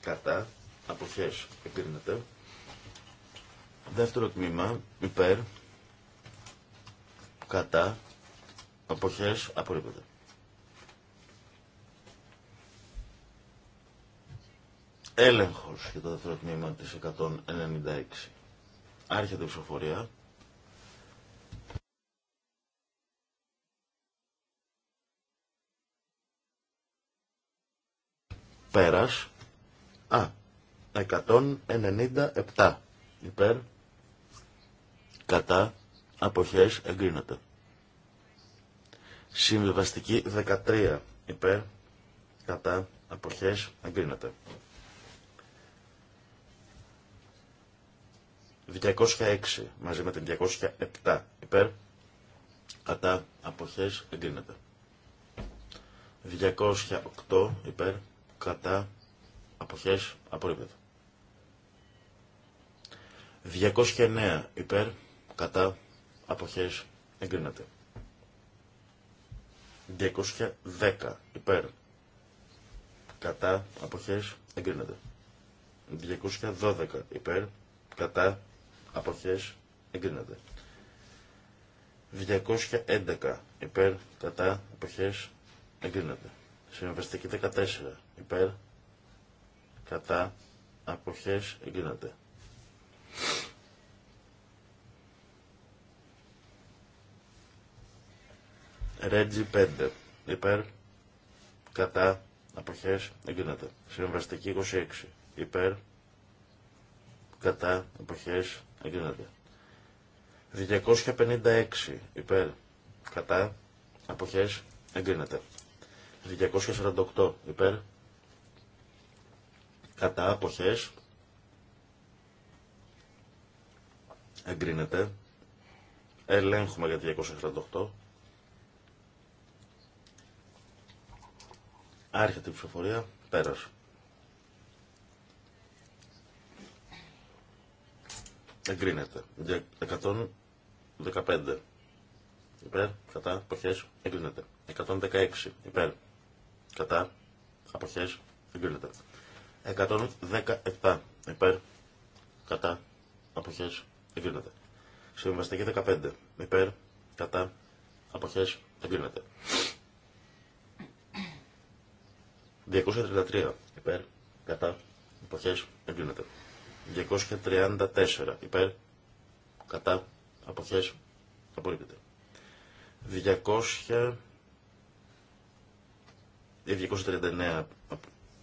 κατά αποχές εγκρίνεται. Δεύτερο τμήμα, υπέρ, κατά, αποχές, απορρίπτεται. Έλεγχος για το δεύτερο τμήμα της 196. Άρχεται η ψηφοφορία. Πέρας. Α, 197 υπέρ κατά, αποχές, εγκρίνεται. Συμβιβαστική 13 υπέρ, κατά, αποχές, εγκρίνεται. 206 μαζί με την 207 υπέρ, κατά, αποχές, εγκρίνεται. 208 υπέρ, κατά, αποχές, απορρίπτεται. 209 υπέρ, κατά αποχές εγκρίνεται. 210 υπέρ κατά αποχές εγκρίνεται. 212 υπέρ κατά αποχές εγκρίνεται. 211 υπέρ κατά αποχές εγκρίνεται. Συμβαστική 14 υπέρ κατά αποχές εγκρίνεται. Ρέτζι 5. Υπέρ. Κατά. Αποχές. Εγκρίνεται. Συμβαστική 26. Υπέρ. Κατά. Αποχές. Εγκρίνεται. 256. Υπέρ. Κατά. Αποχές. Εγκρίνεται. 248. Υπέρ. Κατά. αποχέ, Εγκρίνεται. Ελέγχουμε για 248. Άρχεται η ψηφοφορία. πέρα. Εγκρίνεται. 115. Υπέρ. Κατά. Αποχές. Εγκρίνεται. 116. Υπέρ. Κατά. Αποχές. Εγκρίνεται. 117. Υπέρ. Κατά. Αποχές. Εγκρίνεται. Συμβαστική 15. Υπέρ. Κατά. Αποχές. Εγκρίνεται. 233 υπέρ, κατά, εποχές, εγκρίνεται. 234 υπέρ, κατά, εποχές, απορρίπτεται. 200... 239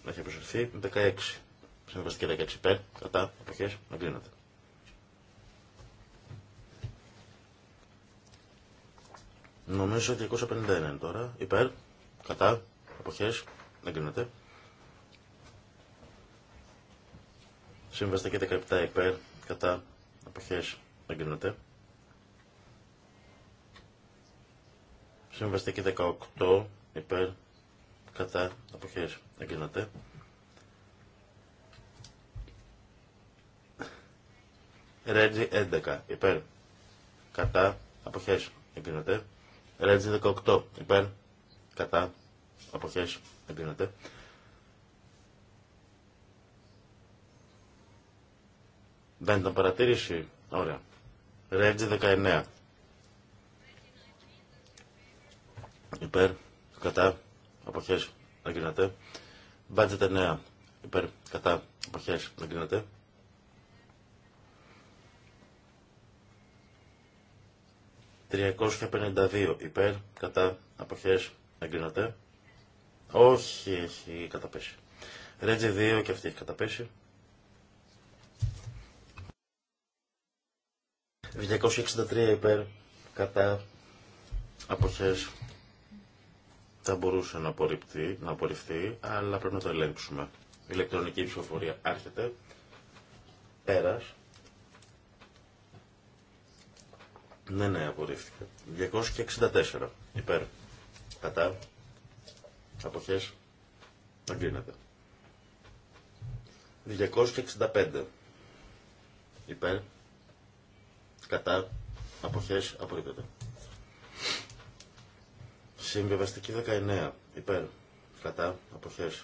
έχει αποσυρθεί, 16. συμβαστική 16 υπέρ, κατά, εποχές, Νομίζω 251 τώρα, υπέρ, κατά, εποχές, Εγκρίνεται. Συμβαστική 17 υπέρ. Κατά. Αποχές. Εγκρίνεται. Συμβαστική 18 υπέρ. Κατά. Αποχές. Εγκρίνεται. Ρέτζι 11 υπέρ. Κατά. Αποχές. Εγκρίνεται. Ρέτζι 18 υπέρ. Κατά. Αποχές εγκρίνεται. Δεν ήταν παρατήρηση. Ωραία. Ρέτζι 19. Υπέρ, κατά, αποχές, εγκρίνεται. Μπάτζετ 9. Υπέρ, κατά, αποχές, εγκρίνεται. «352 υπέρ, κατά, αποχές, εγκρίνεται». Όχι, έχει καταπέσει. Ρέτζε 2 και αυτή έχει καταπέσει. 263 υπέρ κατά αποχές θα μπορούσε να, απορριφθεί, να απορριφθεί, αλλά πρέπει να το ελέγξουμε. Ηλεκτρονική ψηφοφορία άρχεται. Πέρας. Ναι, ναι, απορρίφθηκε. 264 υπέρ κατά Αποχές. Εγκρίνεται. 265. Υπέρ. Κατά. Αποχές. Απορρίπτεται. Συμβεβαστική 19. Υπέρ. Κατά. Αποχές.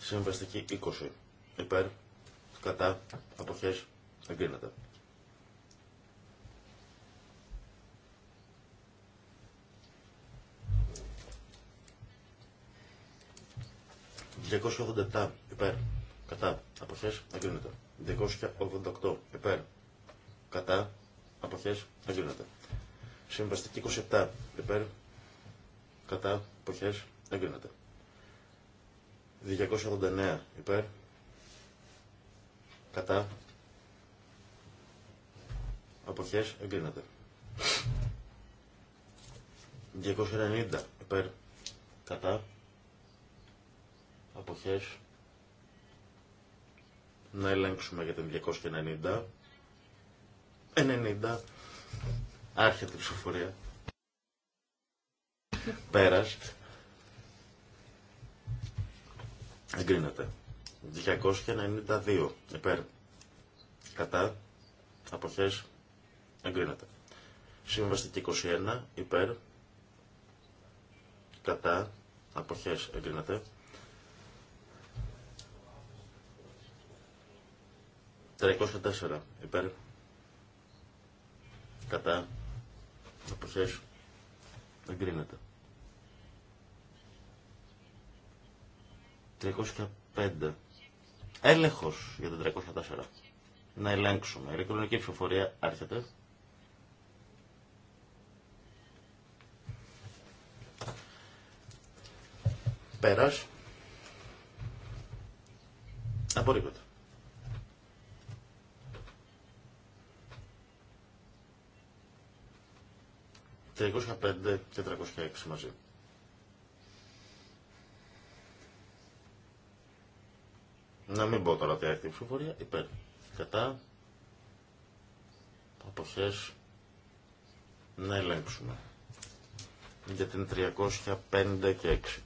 Σύμβαστική 20. Υπέρ. Κατά. Αποχές. Αγκρίνεται. 287 υπέρ. Κατά. Αποχές. Εγκρίνεται. 288 υπέρ. Κατά. Αποχές. Εγκρίνεται. Συμβαστική 27 υπέρ. Κατά. Αποχές. Εγκρίνεται. 289 υπέρ. Κατά. Αποχές. Εγκρίνεται. 290 υπέρ. Κατά αποχές να ελέγξουμε για την 290 90 άρχεται η ψηφοφορία πέρας εγκρίνεται 292 υπέρ κατά αποχές εγκρίνεται συμβαστική 21 υπέρ κατά αποχές εγκρίνεται 304 υπέρ κατά αποχές εγκρίνεται 305 έλεγχος για το 304 να ελέγξουμε η ηλεκτρονική ψηφοφορία άρχεται πέρας απορρίβεται. 305 και 306 μαζί. Να μην πω τώρα ότι έρχεται η ψηφοφορία υπέρ. Κατά αποχές να ελέγξουμε για την 305 και 6.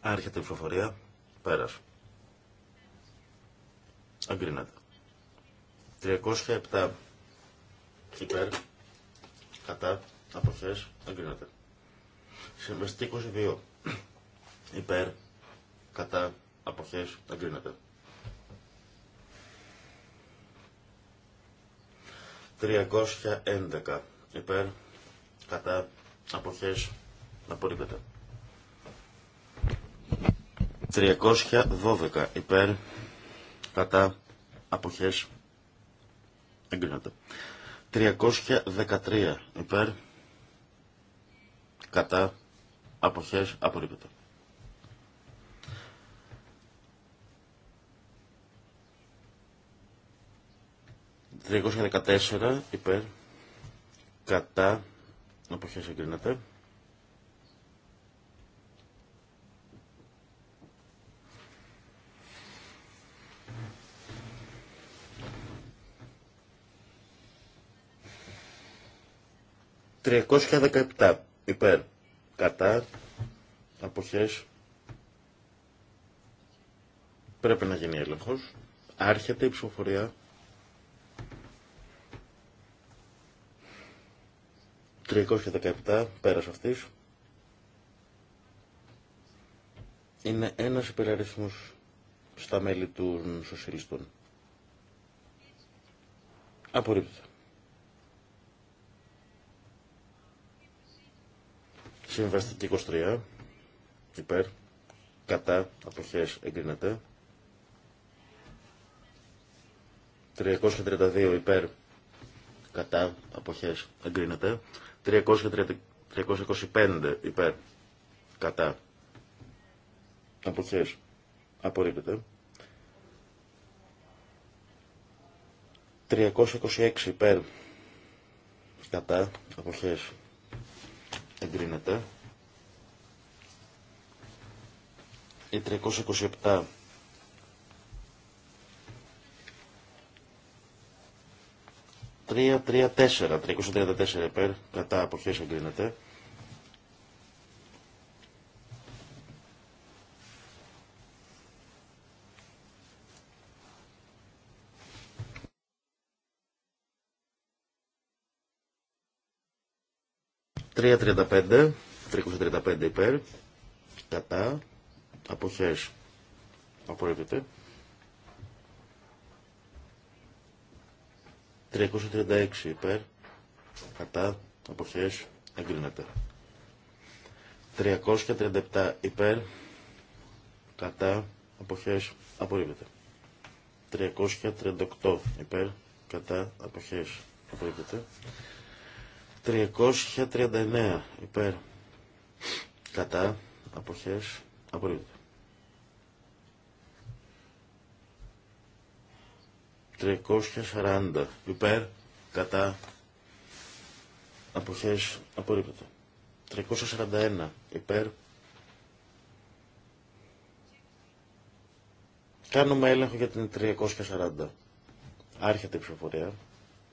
Άρχεται η ψηφοφορία. Πέρας. Αγκρίνεται. 307 υπέρ κατά αποχές εγκρίνεται. Συμβεστή 22 υπέρ κατά αποχές εγκρίνεται. 311 υπέρ κατά αποχές απορρίπτεται. 312 υπέρ κατά αποχές 313 υπέρ. Κατά. Αποχές. Απορρίπτεται. 314 υπέρ. Κατά. Αποχές. Εγκρίνεται. 317 υπέρ κατά αποχές πρέπει να γίνει έλεγχος άρχεται η ψηφοφορία 317 πέρας αυτής είναι ένας υπεραριθμός στα μέλη των σοσιαλιστών. Απορρίπτεται. Συμβαστική 23. Υπέρ. Κατά. Αποχές. Εγκρίνεται. 332 υπέρ. Κατά. Αποχές. Εγκρίνεται. 325 υπέρ. Κατά. Αποχές. Απορρίπτεται. 326 υπέρ. Κατά. Αποχές εγκρίνεται. Η 327 3-3-4, 334 υπέρ, κατά αποχές εγκρίνεται. 335, 335 υπέρ, κατά, αποχές, απορρίπτεται. 336 υπέρ, κατά, αποχές, εγκρίνεται. 337 υπέρ, κατά, αποχές, απορρίπτεται. 338 υπέρ, κατά, αποχές, απορρίπτεται. 339 υπέρ κατά αποχές απολύτω 340 υπέρ κατά αποχές απολύτω 341 υπέρ Κάνουμε έλεγχο για την 340. Άρχεται η ψηφοφορία.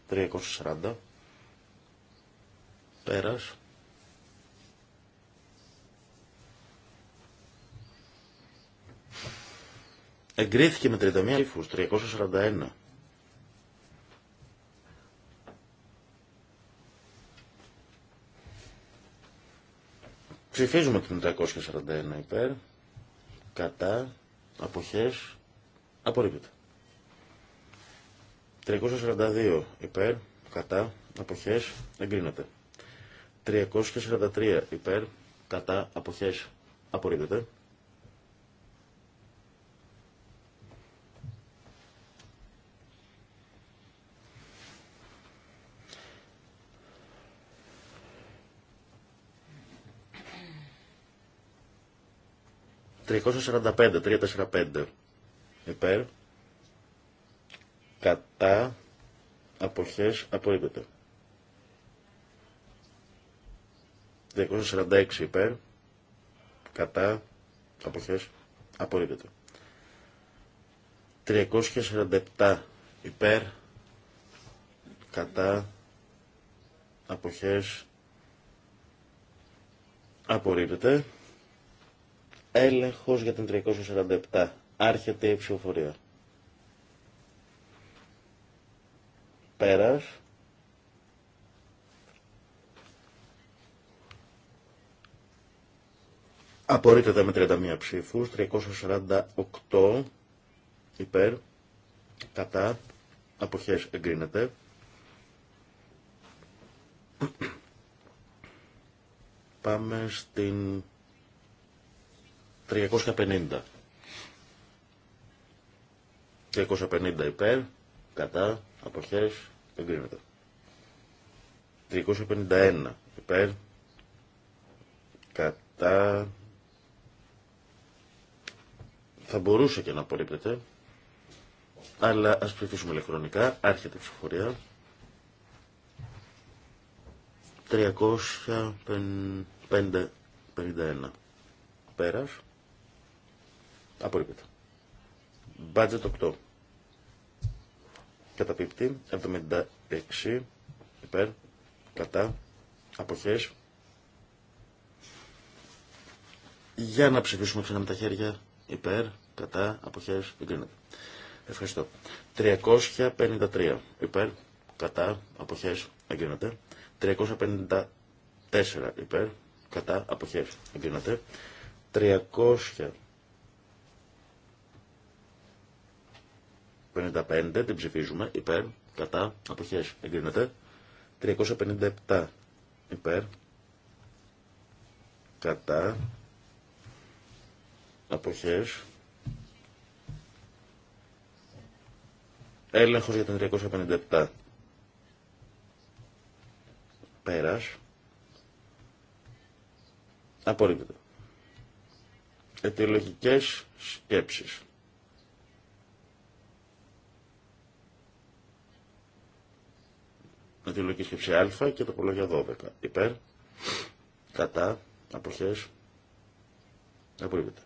340. Εγκρίθηκε με 31 ψήφους, 341. Ψηφίζουμε την 341 υπέρ, κατά, αποχές, απορρίπτεται. 342 υπέρ, κατά, αποχές, εγκρίνεται. 343 υπέρ, κατά, αποχές, απορρίπτεται. 345, 345 υπέρ, κατά, αποχές, απορρίπτεται. 246 υπέρ, κατά, αποχές, απορρίπτεται. 347 υπέρ, κατά, αποχές, απορρίπτεται. Έλεγχος για την 347. Άρχεται η ψηφοφορία. Πέρας. Απορρίπτεται με 31 ψήφους, 348 υπέρ, κατά, αποχές εγκρίνεται. Πάμε στην 350. 350 υπέρ, κατά, αποχές, εγκρίνεται. 351 υπέρ, κατά, θα μπορούσε και να απορρίπτεται, αλλά ας ψηφίσουμε ηλεκτρονικά, άρχεται η ψηφοφορία. 351. Πέρας. Απορρίπτεται. Budget 8. Καταπίπτει. 76. Υπέρ. Κατά. Αποχές. Για να ψηφίσουμε ξανά με τα χέρια. Υπέρ. Κατά. Αποχές. Εγκρίνεται. Ευχαριστώ. 353. Υπέρ. Κατά. Αποχές. Εγκρίνεται. 354. Υπέρ. Κατά. Αποχές. Εγκρίνεται. 300. 55, την ψηφίζουμε, υπέρ, κατά, αποχές, εγκρίνεται. 357, υπέρ, κατά, αποχές, Έλεγχος για τον 357. Πέρας. απορρίβεται. Αιτιολογικές σκέψεις. Αιτιολογική σκέψη α και το τοπολογία 12. Υπέρ. Κατά. Αποχές. Απορρίπτεται.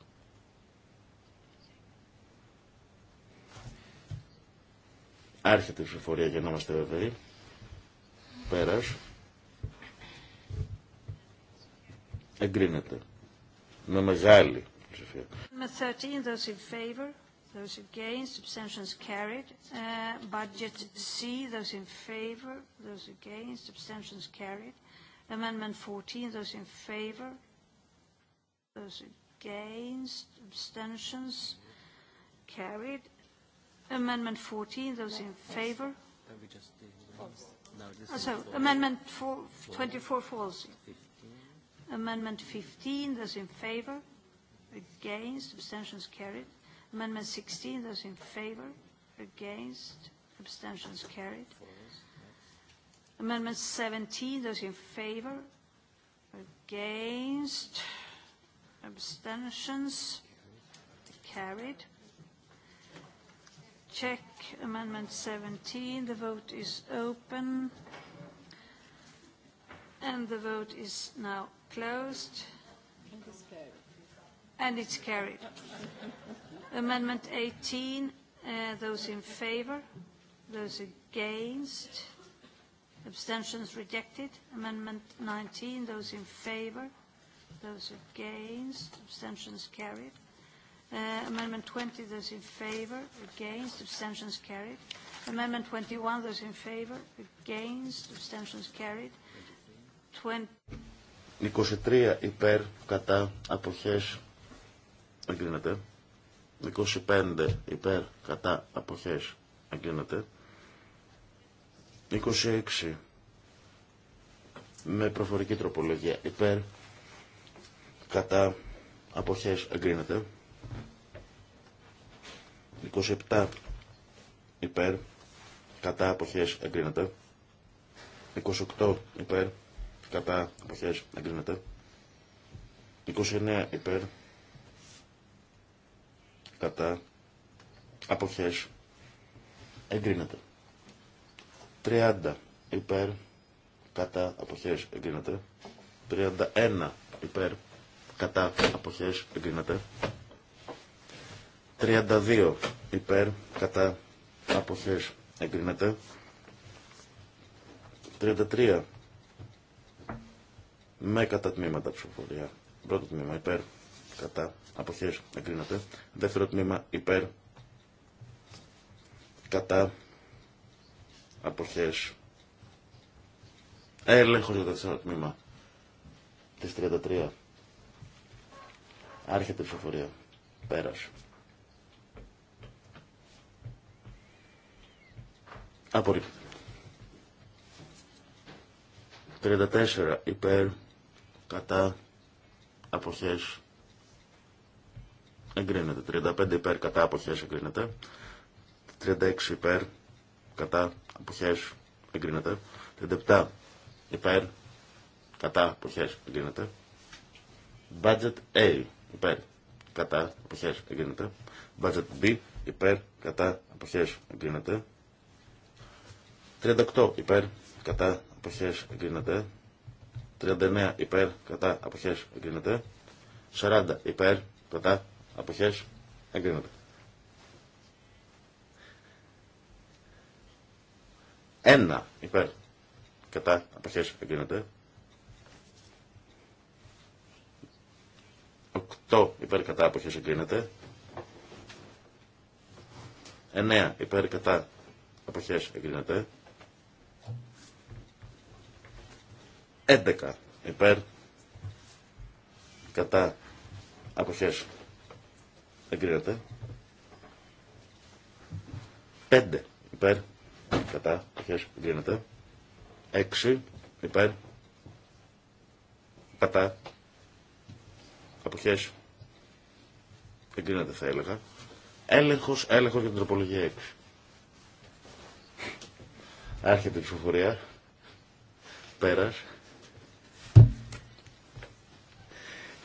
Άρχεται η ψηφοφορία για να είμαστε βέβαιοι. Πέρας. Εγκρίνεται. Με μεγάλη ψηφία. Με 13, those in favor, those against, abstentions carried. Uh, budget C, those in favor, those against, abstentions carried. Amendment 14, those in favor, those against, abstentions carried. Amendment 14, those in favor? So, Amendment 24 falls. Amendment 15, those in favor? Against, abstentions carried. Amendment 16, those in favor? Against, abstentions carried. Amendment 17, those in favor? Against, abstentions carried check amendment 17. The vote is open. And the vote is now closed. And it's carried. Amendment 18. Those in favor? Those against? Abstentions rejected. Amendment 19. Those in favor? Those against? Abstentions carried. Uh, Amendment 20, those in favor, against, abstentions carried. Amendment 21, those in favor, against, abstentions carried. 23 υπέρ, κατά, αποχές, εγκρίνεται. 25 υπέρ, κατά, αποχές, εγκρίνεται. 26 με προφορική τροπολογία υπέρ, κατά, αποχές, εγκρίνεται. 27 υπέρ κατά αποχές εγκρίνεται 28 υπέρ κατά αποχές εγκρίνεται 29 υπέρ κατά αποχές εγκρίνεται 30 υπέρ κατά αποχές εγκρίνεται 31 υπέρ κατά αποχές εγκρίνεται 32 υπέρ κατά αποθέσεις, εγκρίνεται. 33 με κατά τμήματα ψηφοφορία. Πρώτο τμήμα υπέρ κατά αποθέσεις, εγκρίνεται. Δεύτερο τμήμα υπέρ κατά αποθέσεις, Έλεγχο για το δεύτερο τμήμα της 33 άρχεται η ψηφοφορία πέρασε Απορρίπτεται. 34 υπέρ, κατά, αποχές, εγκρίνεται. 35 υπέρ, κατά, αποχές, εγκρίνεται. 36 υπέρ, κατά, αποχές, εγκρίνεται. 37 υπέρ, κατά, αποχές, εγκρίνεται. Budget A υπέρ, κατά, αποχές, εγκρίνεται. Budget B υπέρ, κατά, αποχές, εγκρίνεται. 38 υπέρ κατά αποχές εγκρίνεται. 39 υπέρ κατά αποχές εγκρίνεται. 40 υπέρ κατά αποχές εγκρίνεται. 1 υπέρ κατά αποχές εγκρίνεται. 8 υπέρ κατά αποχές εγκρίνεται. 9 υπέρ κατά αποχές εγκρίνεται. 11 υπέρ κατά αποχές εγκρίνεται 5 υπέρ κατά αποχές εγκρίνεται 6 υπέρ κατά αποχές εγκρίνεται θα έλεγα έλεγχος, έλεγχος για την τροπολογία 6 άρχεται η ψηφοφορία πέρας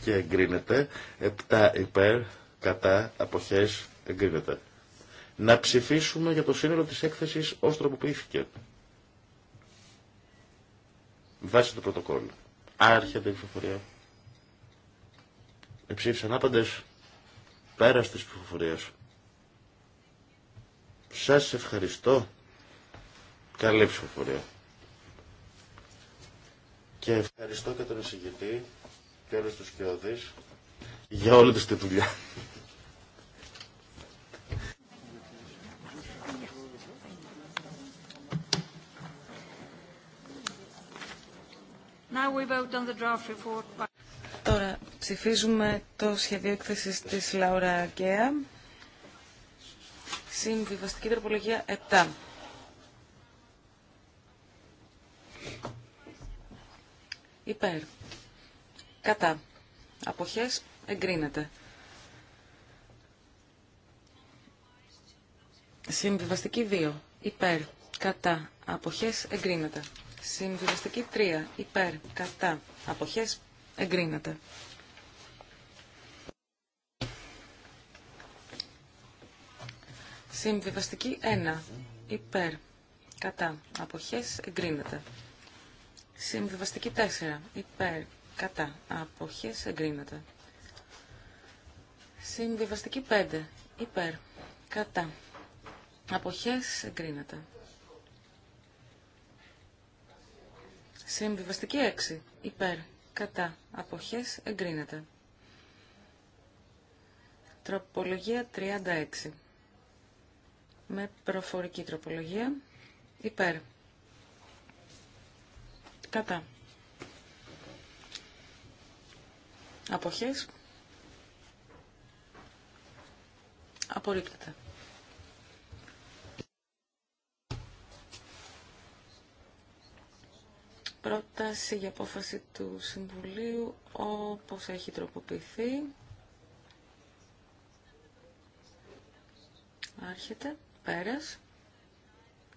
και εγκρίνεται. επτά υπέρ, κατά, αποχές, εγκρίνεται. Να ψηφίσουμε για το σύνολο της έκθεσης ως τροποποιήθηκε. Βάσει το πρωτοκόλλο. Άρχεται η ψηφοφορία. Εψήφισαν άπαντες πέρα της ψηφοφορίας. Σας ευχαριστώ. Καλή ψηφοφορία. Και ευχαριστώ και τον εισηγητή και όλους τους κοιόδης για όλη τους τη δουλειά. Now we vote on the draft report. Τώρα ψηφίζουμε το σχέδιο έκθεσης της Λαούρα Αγκαία. Συμβιβαστική τροπολογία 7. Υπέρ. Κατά. Αποχές εγκρίνεται. Συμβιβαστική 2. Υπέρ. Κατά. Αποχές εγκρίνεται. Συμβιβαστική 3. Υπέρ. Κατά. Αποχές εγκρίνεται. Συμβιβαστική 1. Υπέρ. Κατά. Αποχές εγκρίνεται. Συμβιβαστική 4. Υπέρ κατά, αποχές εγκρίνεται. Συμβιβαστική 5, υπέρ, κατά, αποχές εγκρίνεται. Συμβιβαστική 6, υπέρ, κατά, αποχές εγκρίνεται. Τροπολογία 36. Με προφορική τροπολογία. Υπέρ. Κατά. Αποχές. Απορρίπτεται. Πρόταση για απόφαση του Συμβουλίου όπως έχει τροποποιηθεί. Άρχεται. Πέρας.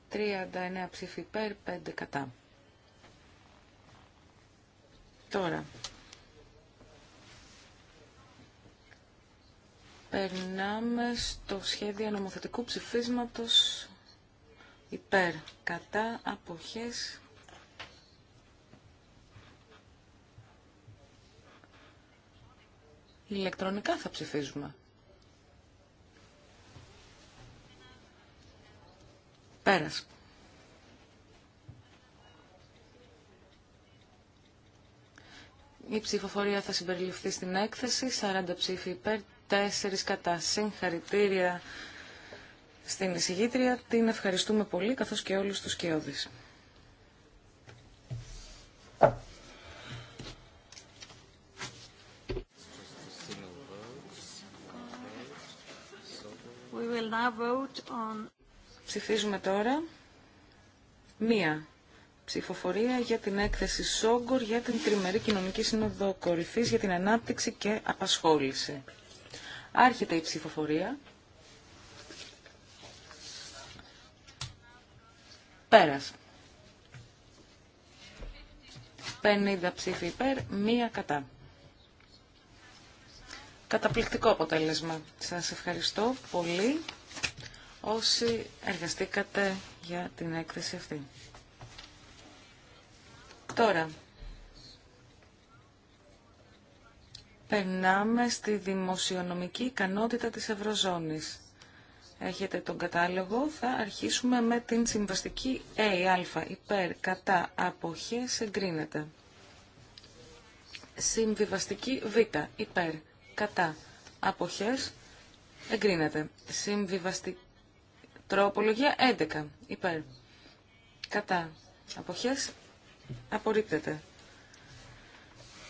39 ψήφι υπέρ, 5 κατά. Τώρα, Περνάμε στο σχέδιο νομοθετικού ψηφίσματος υπέρ, κατά, αποχές. Ηλεκτρονικά θα ψηφίζουμε. Πέρας. Η ψηφοφορία θα συμπεριληφθεί στην έκθεση. 40 ψήφοι υπέρ, κατά. Συγχαρητήρια στην εισηγήτρια. Την ευχαριστούμε πολύ, καθώς και όλους τους κοιόδης. Ψηφίζουμε τώρα μία ψηφοφορία για την έκθεση Σόγκορ για την τριμερή κοινωνική συνοδό κορυφής για την ανάπτυξη και απασχόληση. Άρχεται η ψηφοφορία. Πέρασε. 50 ψήφοι υπέρ, μία κατά. Καταπληκτικό αποτέλεσμα. Σας ευχαριστώ πολύ όσοι εργαστήκατε για την έκθεση αυτή. Τώρα, περνάμε στη δημοσιονομική ικανότητα της Ευρωζώνης. Έχετε τον κατάλογο. Θα αρχίσουμε με την συμβαστική ΑΑ. Υπέρ, κατά, αποχές, εγκρίνεται. Συμβιβαστική Β. Υπέρ, κατά, αποχές, εγκρίνεται. Συμβιβαστική τροπολογία 11. Υπέρ, κατά, αποχές, απορρίπτεται.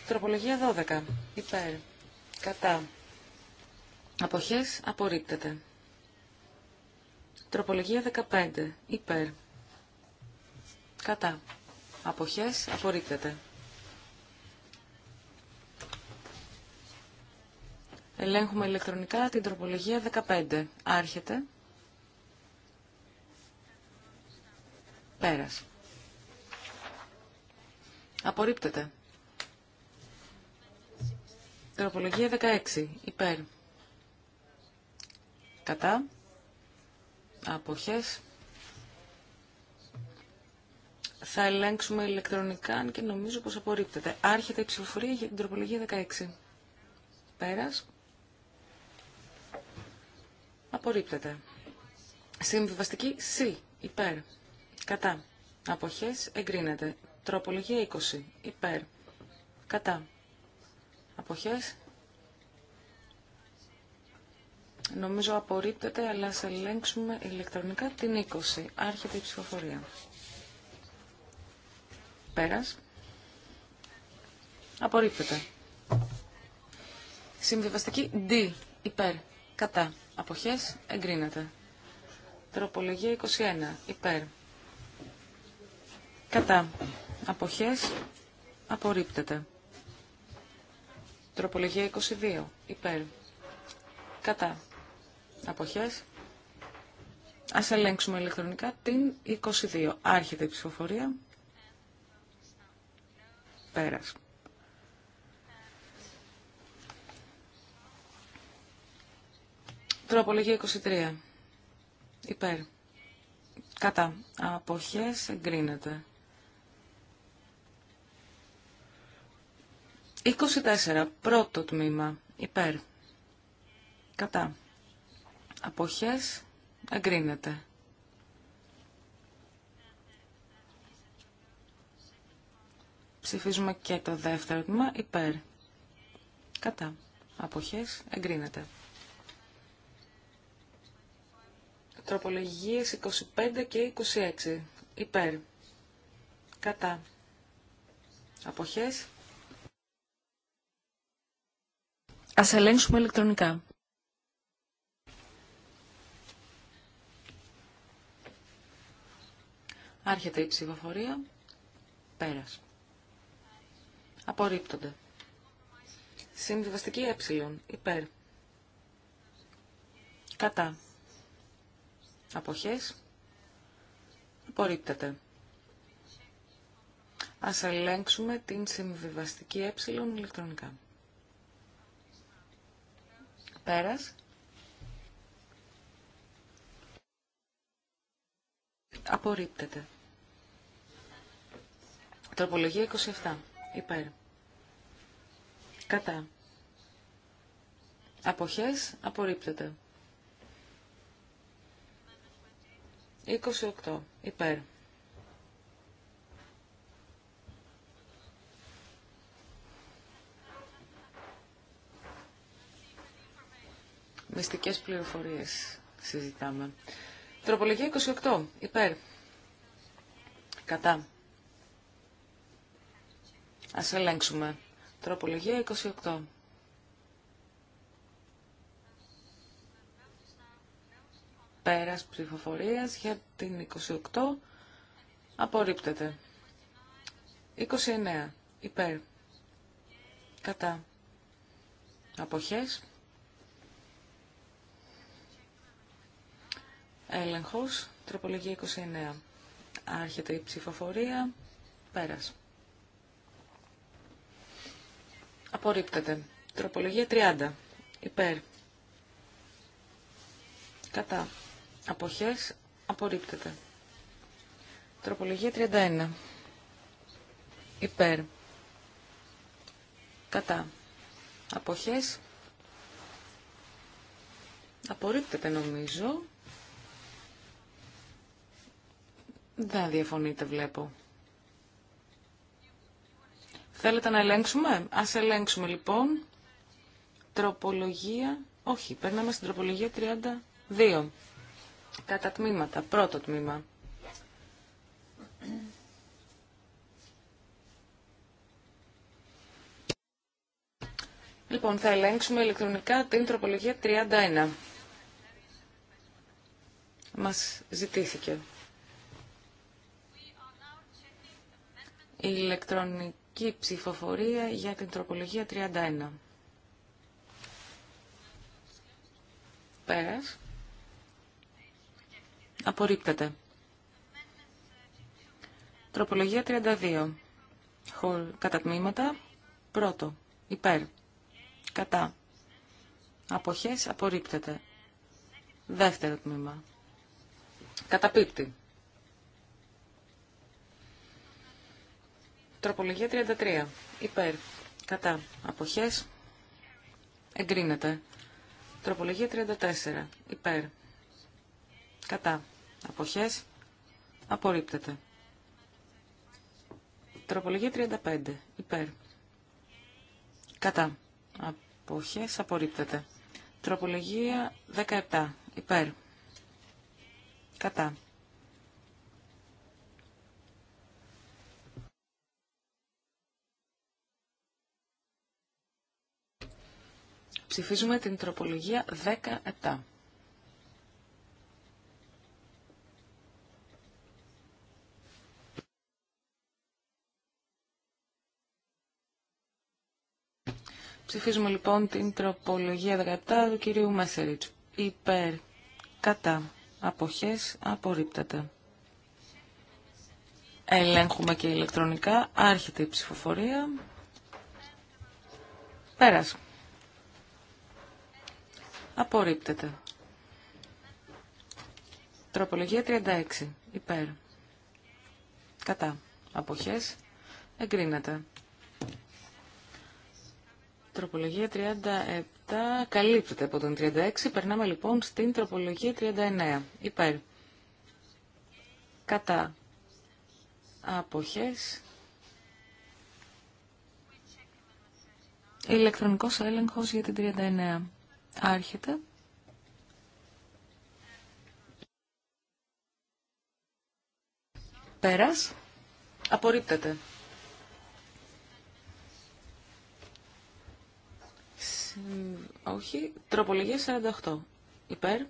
Τροπολογία 12. Υπέρ. Κατά. Αποχές απορρίπτεται. Τροπολογία 15. Υπέρ. Κατά. Αποχές απορρίπτεται. Ελέγχουμε ηλεκτρονικά την τροπολογία 15. Άρχεται. Πέρας. Απορρίπτεται. Τροπολογία 16. Υπέρ. Κατά. Αποχές. Θα ελέγξουμε ηλεκτρονικά, αν και νομίζω πως απορρίπτεται. Άρχεται η ψηφοφορία για την τροπολογία 16. Πέρας. Απορρίπτεται. Συμβιβαστική C. Υπέρ. Κατά. Αποχές εγκρίνεται. Τροπολογία 20. Υπέρ. Κατά. Αποχές. Νομίζω απορρίπτεται, αλλά σε ελέγξουμε ηλεκτρονικά την 20. Άρχεται η ψηφοφορία. Πέρας. Απορρίπτεται. Συμβιβαστική D. Υπέρ. Κατά. Αποχές. Εγκρίνεται. Τροπολογία 21. Υπέρ. Κατά. Αποχές. Απορρίπτεται. Τροπολογία 22. Υπέρ. Κατά. Αποχές. Ας ελέγξουμε ηλεκτρονικά την 22. Άρχεται η ψηφοφορία. Πέρας. Τροπολογία 23. Υπέρ. Κατά. Αποχές εγκρίνεται. 24. Πρώτο τμήμα. Υπέρ. Κατά. Αποχές. Εγκρίνεται. Ψηφίζουμε και το δεύτερο τμήμα. Υπέρ. Κατά. Αποχές. Εγκρίνεται. Τροπολογίες 25 και 26. Υπέρ. Κατά. Αποχές. Ας ελέγξουμε ηλεκτρονικά. Άρχεται η ψηφοφορία. Πέρας. Απορρίπτονται. Συμβιβαστική ε. Υπέρ. Κατά. Αποχές. Απορρίπτεται. Ας ελέγξουμε την συμβιβαστική ε ηλεκτρονικά. Πέρας. Απορρίπτεται. Τροπολογία 27. Υπέρ. Κατά. Αποχές. Απορρίπτεται. 28. Υπέρ. μυστικές πληροφορίες συζητάμε. Τροπολογία 28. Υπέρ. Κατά. Ας ελέγξουμε. Τροπολογία 28. Πέρας ψηφοφορίας για την 28 απορρίπτεται. 29. Υπέρ. Κατά. Αποχές. Έλεγχος, τροπολογία 29. Άρχεται η ψηφοφορία, πέρας. Απορρίπτεται. Τροπολογία 30. Υπέρ. Κατά. Αποχές. Απορρίπτεται. Τροπολογία 31. Υπέρ. Κατά. Αποχές. Απορρίπτεται νομίζω. Δεν διαφωνείτε, βλέπω. Θέλετε να ελέγξουμε. Ας ελέγξουμε, λοιπόν. Τροπολογία... Όχι, περνάμε στην τροπολογία 32. Κατά τμήματα. Πρώτο τμήμα. Λοιπόν, θα ελέγξουμε ηλεκτρονικά την τροπολογία 31. Μας ζητήθηκε. ηλεκτρονική ψηφοφορία για την τροπολογία 31. Πέρας. Απορρίπτεται. Τροπολογία 32. Κατά τμήματα. Πρώτο. Υπέρ. Κατά. Αποχές απορρίπτεται. Δεύτερο τμήμα. Καταπίπτει. Τροπολογία 33. Υπέρ. Κατά. Αποχές. Εγκρίνεται. Τροπολογία 34. Υπέρ. Κατά. Αποχές. Απορρίπτεται. Τροπολογία 35. Υπέρ. Κατά. Αποχές. Απορρίπτεται. Τροπολογία 17. Υπέρ. Κατά. Ψηφίζουμε την τροπολογία 17. Ψηφίζουμε λοιπόν την τροπολογία 17 του κυρίου Μέσεριτς. Υπέρ, κατά, αποχές, απορρίπτεται. Ελέγχουμε και ηλεκτρονικά. Άρχεται η ψηφοφορία. Πέρασε. Απορρίπτεται. Τροπολογία 36. Υπέρ. Κατά. Αποχές. Εγκρίνεται. Τροπολογία 37 καλύπτεται από τον 36. Περνάμε λοιπόν στην τροπολογία 39. Υπέρ. Κατά. Αποχές. Ηλεκτρονικός έλεγχος για την 39. Άρχεται. Πέρας. Απορρίπτεται. Όχι. Τροπολογία 48. Υπέρ.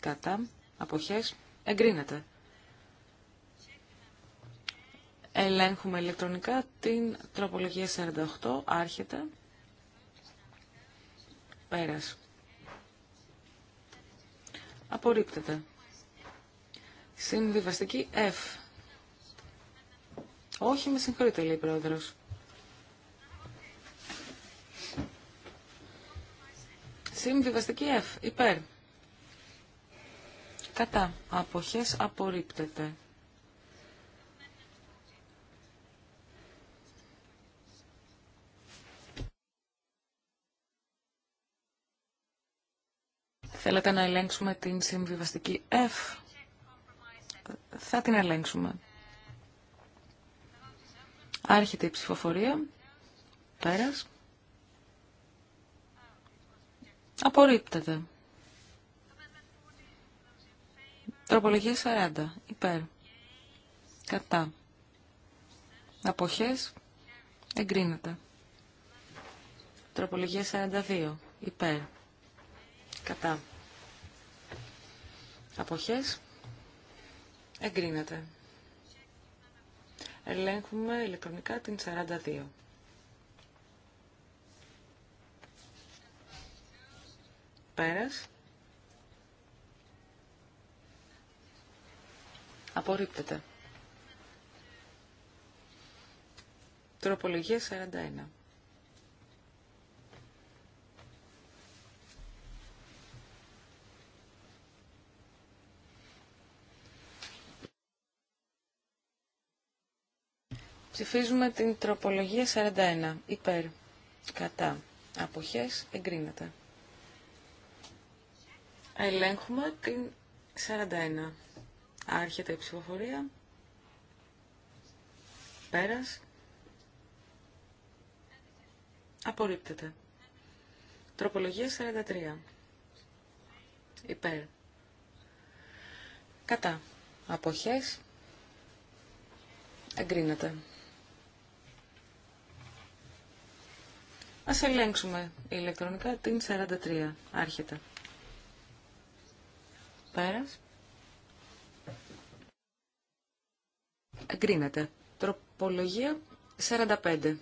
Κατά. Αποχές. Εγκρίνεται. Ελέγχουμε ηλεκτρονικά την τροπολογία 48. Άρχεται. Πέρας. Απορρίπτεται. Συμβιβαστική F. Όχι, με συγχωρείτε, λέει η πρόεδρος. Συμβιβαστική F. Υπέρ. Κατά. Αποχές απορρίπτεται. Θέλετε να ελέγξουμε την συμβιβαστική F. Θα την ελέγξουμε. Άρχεται η ψηφοφορία. Πέρας. Απορρίπτεται. Τροπολογία 40. Υπέρ. Κατά. Αποχές. Εγκρίνεται. Τροπολογία 42. Υπέρ. Κατά. Αποχές. Εγκρίνεται. Ελέγχουμε ηλεκτρονικά την 42. Πέρας. Απορρίπτεται. Τροπολογία 41. Ψηφίζουμε την τροπολογία 41. Υπέρ. Κατά. Αποχές. Εγκρίνεται. Ελέγχουμε την 41. Άρχεται η ψηφοφορία. Πέρας. Απορρίπτεται. Τροπολογία 43. Υπέρ. Κατά. Αποχές. Εγκρίνεται. Ας ελέγξουμε ηλεκτρονικά την 43. Άρχεται. Πέρας. Εγκρίνεται. Τροπολογία 45.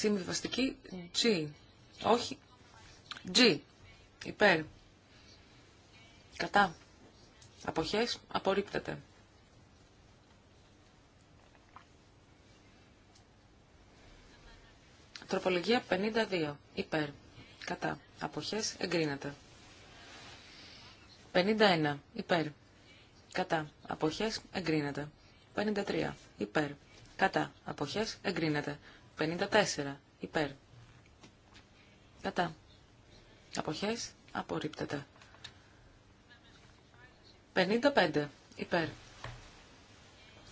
Συμβιβαστική G. Όχι. G. Υπέρ. Κατά. Αποχές. Απορρίπτεται. Τροπολογία 52. Υπέρ. Κατά. Αποχές. Εγκρίνεται. 51. Υπέρ. Κατά. Αποχές. Εγκρίνεται. 53. Υπέρ. Κατά. Αποχές. Εγκρίνεται. 54. Υπέρ. Κατά. Αποχές. Απορρίπτεται. 55. Υπέρ.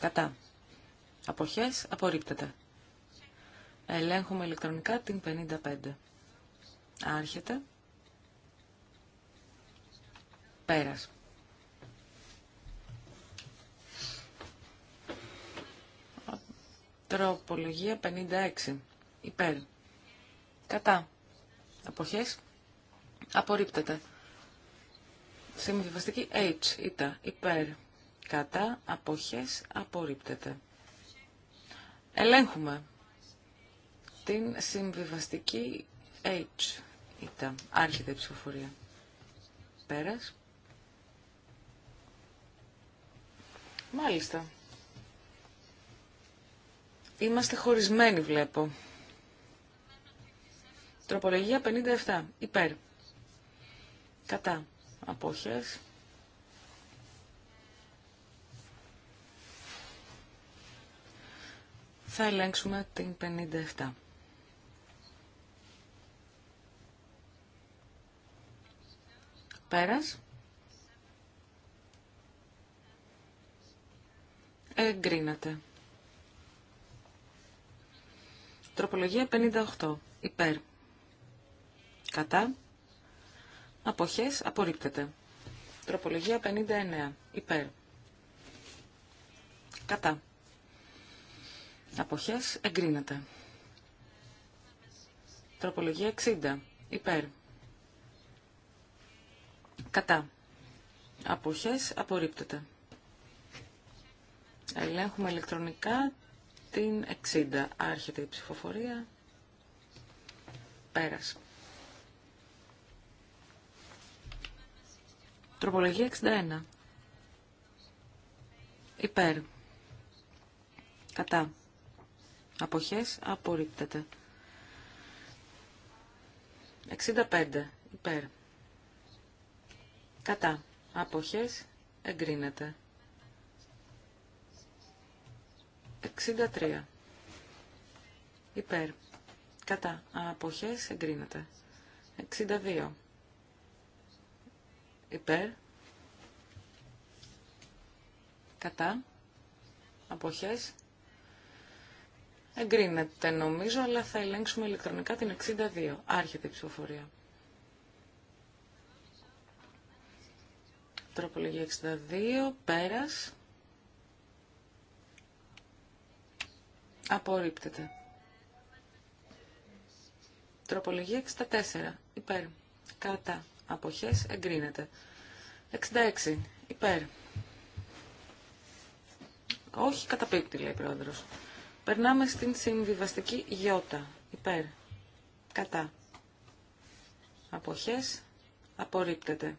Κατά. Αποχές. Απορρίπτεται. Ελέγχουμε ηλεκτρονικά την 55. Άρχεται. Πέρας. Τροπολογία 56. Υπέρ. Κατά. Αποχές. Απορρίπτεται. Συμβιβαστική H. Ήτα. Υπέρ. Κατά. Αποχές. Απορρίπτεται. Ελέγχουμε την συμβιβαστική H. Ήτα. Άρχεται η ψηφοφορία. Πέρας. Μάλιστα. Είμαστε χωρισμένοι, βλέπω. Τροπολογία 57. Υπέρ. Κατά. Απόχες. Θα ελέγξουμε την 57. Πέρας. Εγκρίνεται. Τροπολογία 58. Υπέρ. Κατά. Αποχές. Απορρίπτεται. Τροπολογία 59. Υπέρ. Κατά. Αποχές. Εγκρίνεται. Τροπολογία 60. Υπέρ. Κατά. Αποχές. Απορρίπτεται. Ελέγχουμε ηλεκτρονικά την 60. Άρχεται η ψηφοφορία. Πέρασε. Τροπολογία 61. Υπέρ. Κατά. Αποχές απορρίπτεται. 65. Υπέρ. Κατά. Αποχές εγκρίνεται. 63. Υπέρ. Κατά. Αποχές εγκρίνεται. 62. Υπέρ. Κατά. Αποχές. Εγκρίνεται νομίζω, αλλά θα ελέγξουμε ηλεκτρονικά την 62. Άρχεται η ψηφοφορία. Τροπολογία 62. Πέρας. Απορρίπτεται. Τροπολογία 64. Υπέρ. Κατά. Αποχές. Εγκρίνεται. 66. Υπέρ. Όχι καταπίπτει, λέει πρόεδρος. Περνάμε στην συμβιβαστική γιώτα. Υπέρ. Κατά. Αποχές. Απορρίπτεται.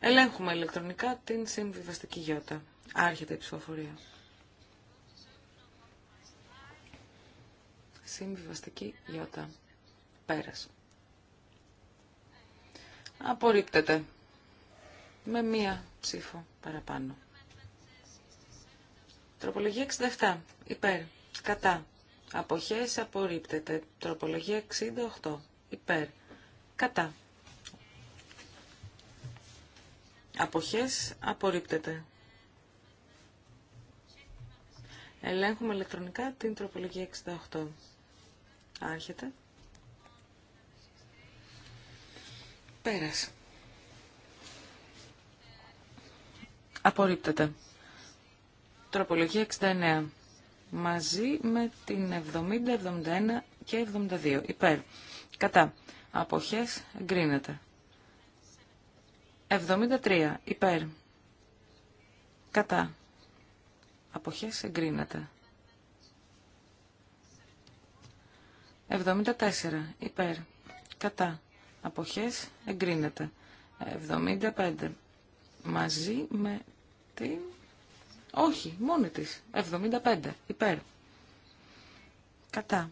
Ελέγχουμε ηλεκτρονικά την συμβιβαστική γιώτα. Άρχεται η ψηφοφορία. Συμβιβαστική Ι. Πέρας. Απορρίπτεται. Με μία ψήφο παραπάνω. Τροπολογία 67. Υπέρ. Κατά. Αποχές απορρίπτεται. Τροπολογία 68. Υπέρ. Κατά. Αποχές απορρίπτεται. Ελέγχουμε ηλεκτρονικά την τροπολογία 68. Άρχεται. πέρασε, Απορρίπτεται. Τροπολογία 69. Μαζί με την 70, 71 και 72. Υπέρ. Κατά. Αποχές εγκρίνεται. 73. Υπέρ. Κατά. Αποχές εγκρίνεται. 74 υπέρ κατά αποχές εγκρίνεται. 75 μαζί με την... Όχι, μόνη της. 75 υπέρ κατά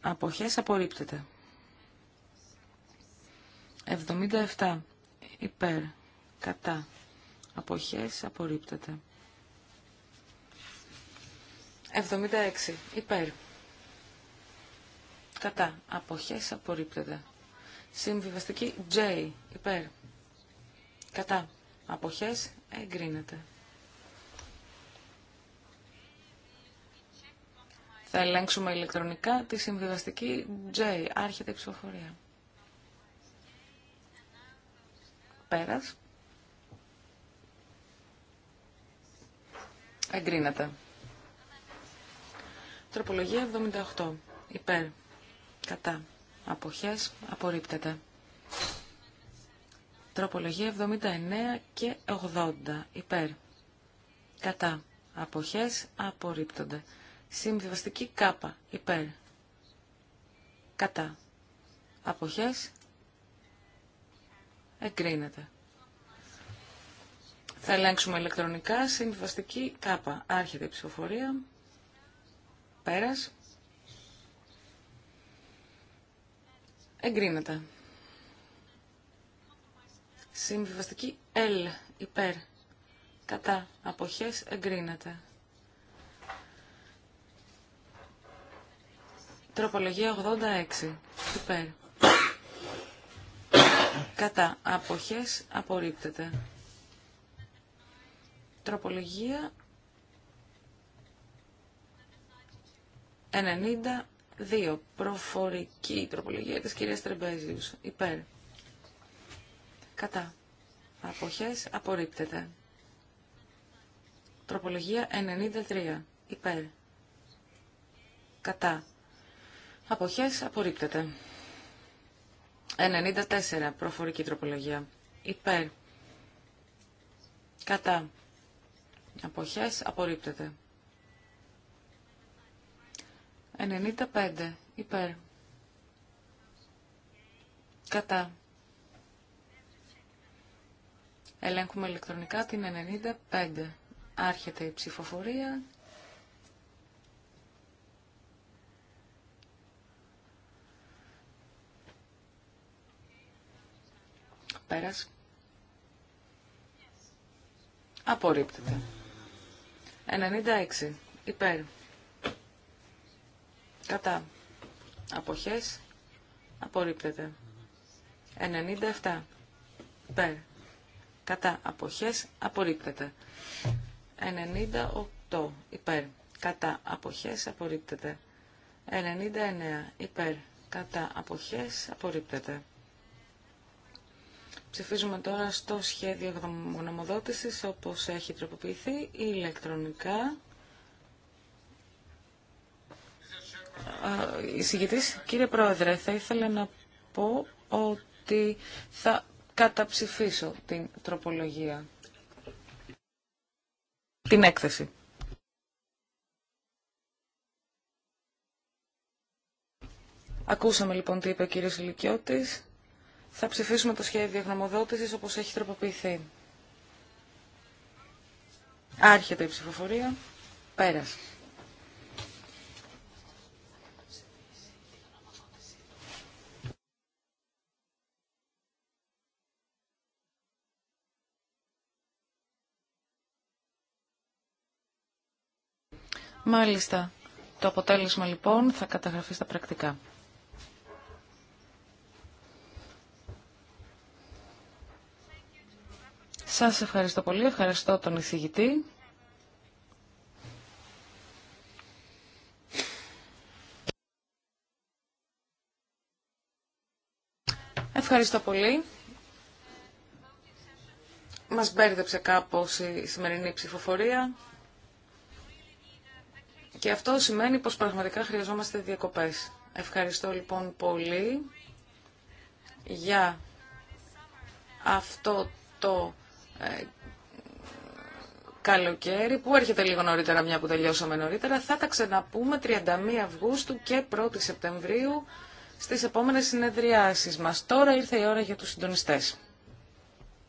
αποχές απορρίπτεται. 77 υπέρ κατά αποχές απορρίπτεται. 76 υπέρ κατά, αποχές απορρίπτεται. Συμβιβαστική J, υπέρ, κατά, αποχές εγκρίνεται. Θα ελέγξουμε ηλεκτρονικά τη συμβιβαστική J, άρχεται η ψηφοφορία. Πέρας. Εγκρίνεται. Τροπολογία 78. Υπέρ. Κατά. Αποχές. Απορρίπτεται. Τροπολογία 79 και 80. Υπέρ. Κατά. Αποχές. Απορρίπτονται. Συμβιβαστική κάπα. Υπέρ. Κατά. Αποχές. Εγκρίνεται. Θα ελέγξουμε ηλεκτρονικά συμβιβαστική κάπα. Άρχεται η ψηφοφορία. Πέρας. Εγκρίνεται. Συμβιβαστική L υπέρ κατά αποχές εγκρίνεται. Τροπολογία 86 υπέρ κατά αποχές απορρίπτεται. Τροπολογία 90. 2. Προφορική τροπολογία της κυρίας Τρεμπέζιους. Υπέρ. Κατά. Αποχές απορρίπτεται. Τροπολογία 93. Υπέρ. Κατά. Αποχές απορρίπτεται. 94. Προφορική τροπολογία. Υπέρ. Κατά. Αποχές απορρίπτεται. 95 υπέρ. Κατά. Ελέγχουμε ηλεκτρονικά την 95. Άρχεται η ψηφοφορία. Πέρας. Απορρίπτεται. 96. Υπέρ. Κατά. Αποχές. Απορρίπτεται. 97. Περ. Κατά. Αποχές. Απορρίπτεται. 98. Υπέρ. Κατά. Αποχές. Απορρίπτεται. 99. Υπέρ. Κατά. Αποχές. Απορρίπτεται. Ψηφίζουμε τώρα στο σχέδιο γνωμοδότησης όπως έχει τροποποιηθεί ηλεκτρονικά. εισηγητής. Κύριε Πρόεδρε, θα ήθελα να πω ότι θα καταψηφίσω την τροπολογία. Την έκθεση. Ακούσαμε λοιπόν τι είπε ο κύριος Λυκιώτης. Θα ψηφίσουμε το σχέδιο γνωμοδότησης όπως έχει τροποποιηθεί. Άρχεται η ψηφοφορία. Πέρασε. Μάλιστα. Το αποτέλεσμα λοιπόν θα καταγραφεί στα πρακτικά. Σας ευχαριστώ πολύ. Ευχαριστώ τον εισηγητή. Ευχαριστώ πολύ. Μας μπέρδεψε κάπως η σημερινή ψηφοφορία. Και αυτό σημαίνει πως πραγματικά χρειαζόμαστε διακοπές. Ευχαριστώ λοιπόν πολύ για αυτό το ε, καλοκαίρι που έρχεται λίγο νωρίτερα μια που τελειώσαμε νωρίτερα. Θα τα ξαναπούμε 31 Αυγούστου και 1 Σεπτεμβρίου στις επόμενες συνεδριάσεις μας. Τώρα ήρθε η ώρα για τους συντονιστές.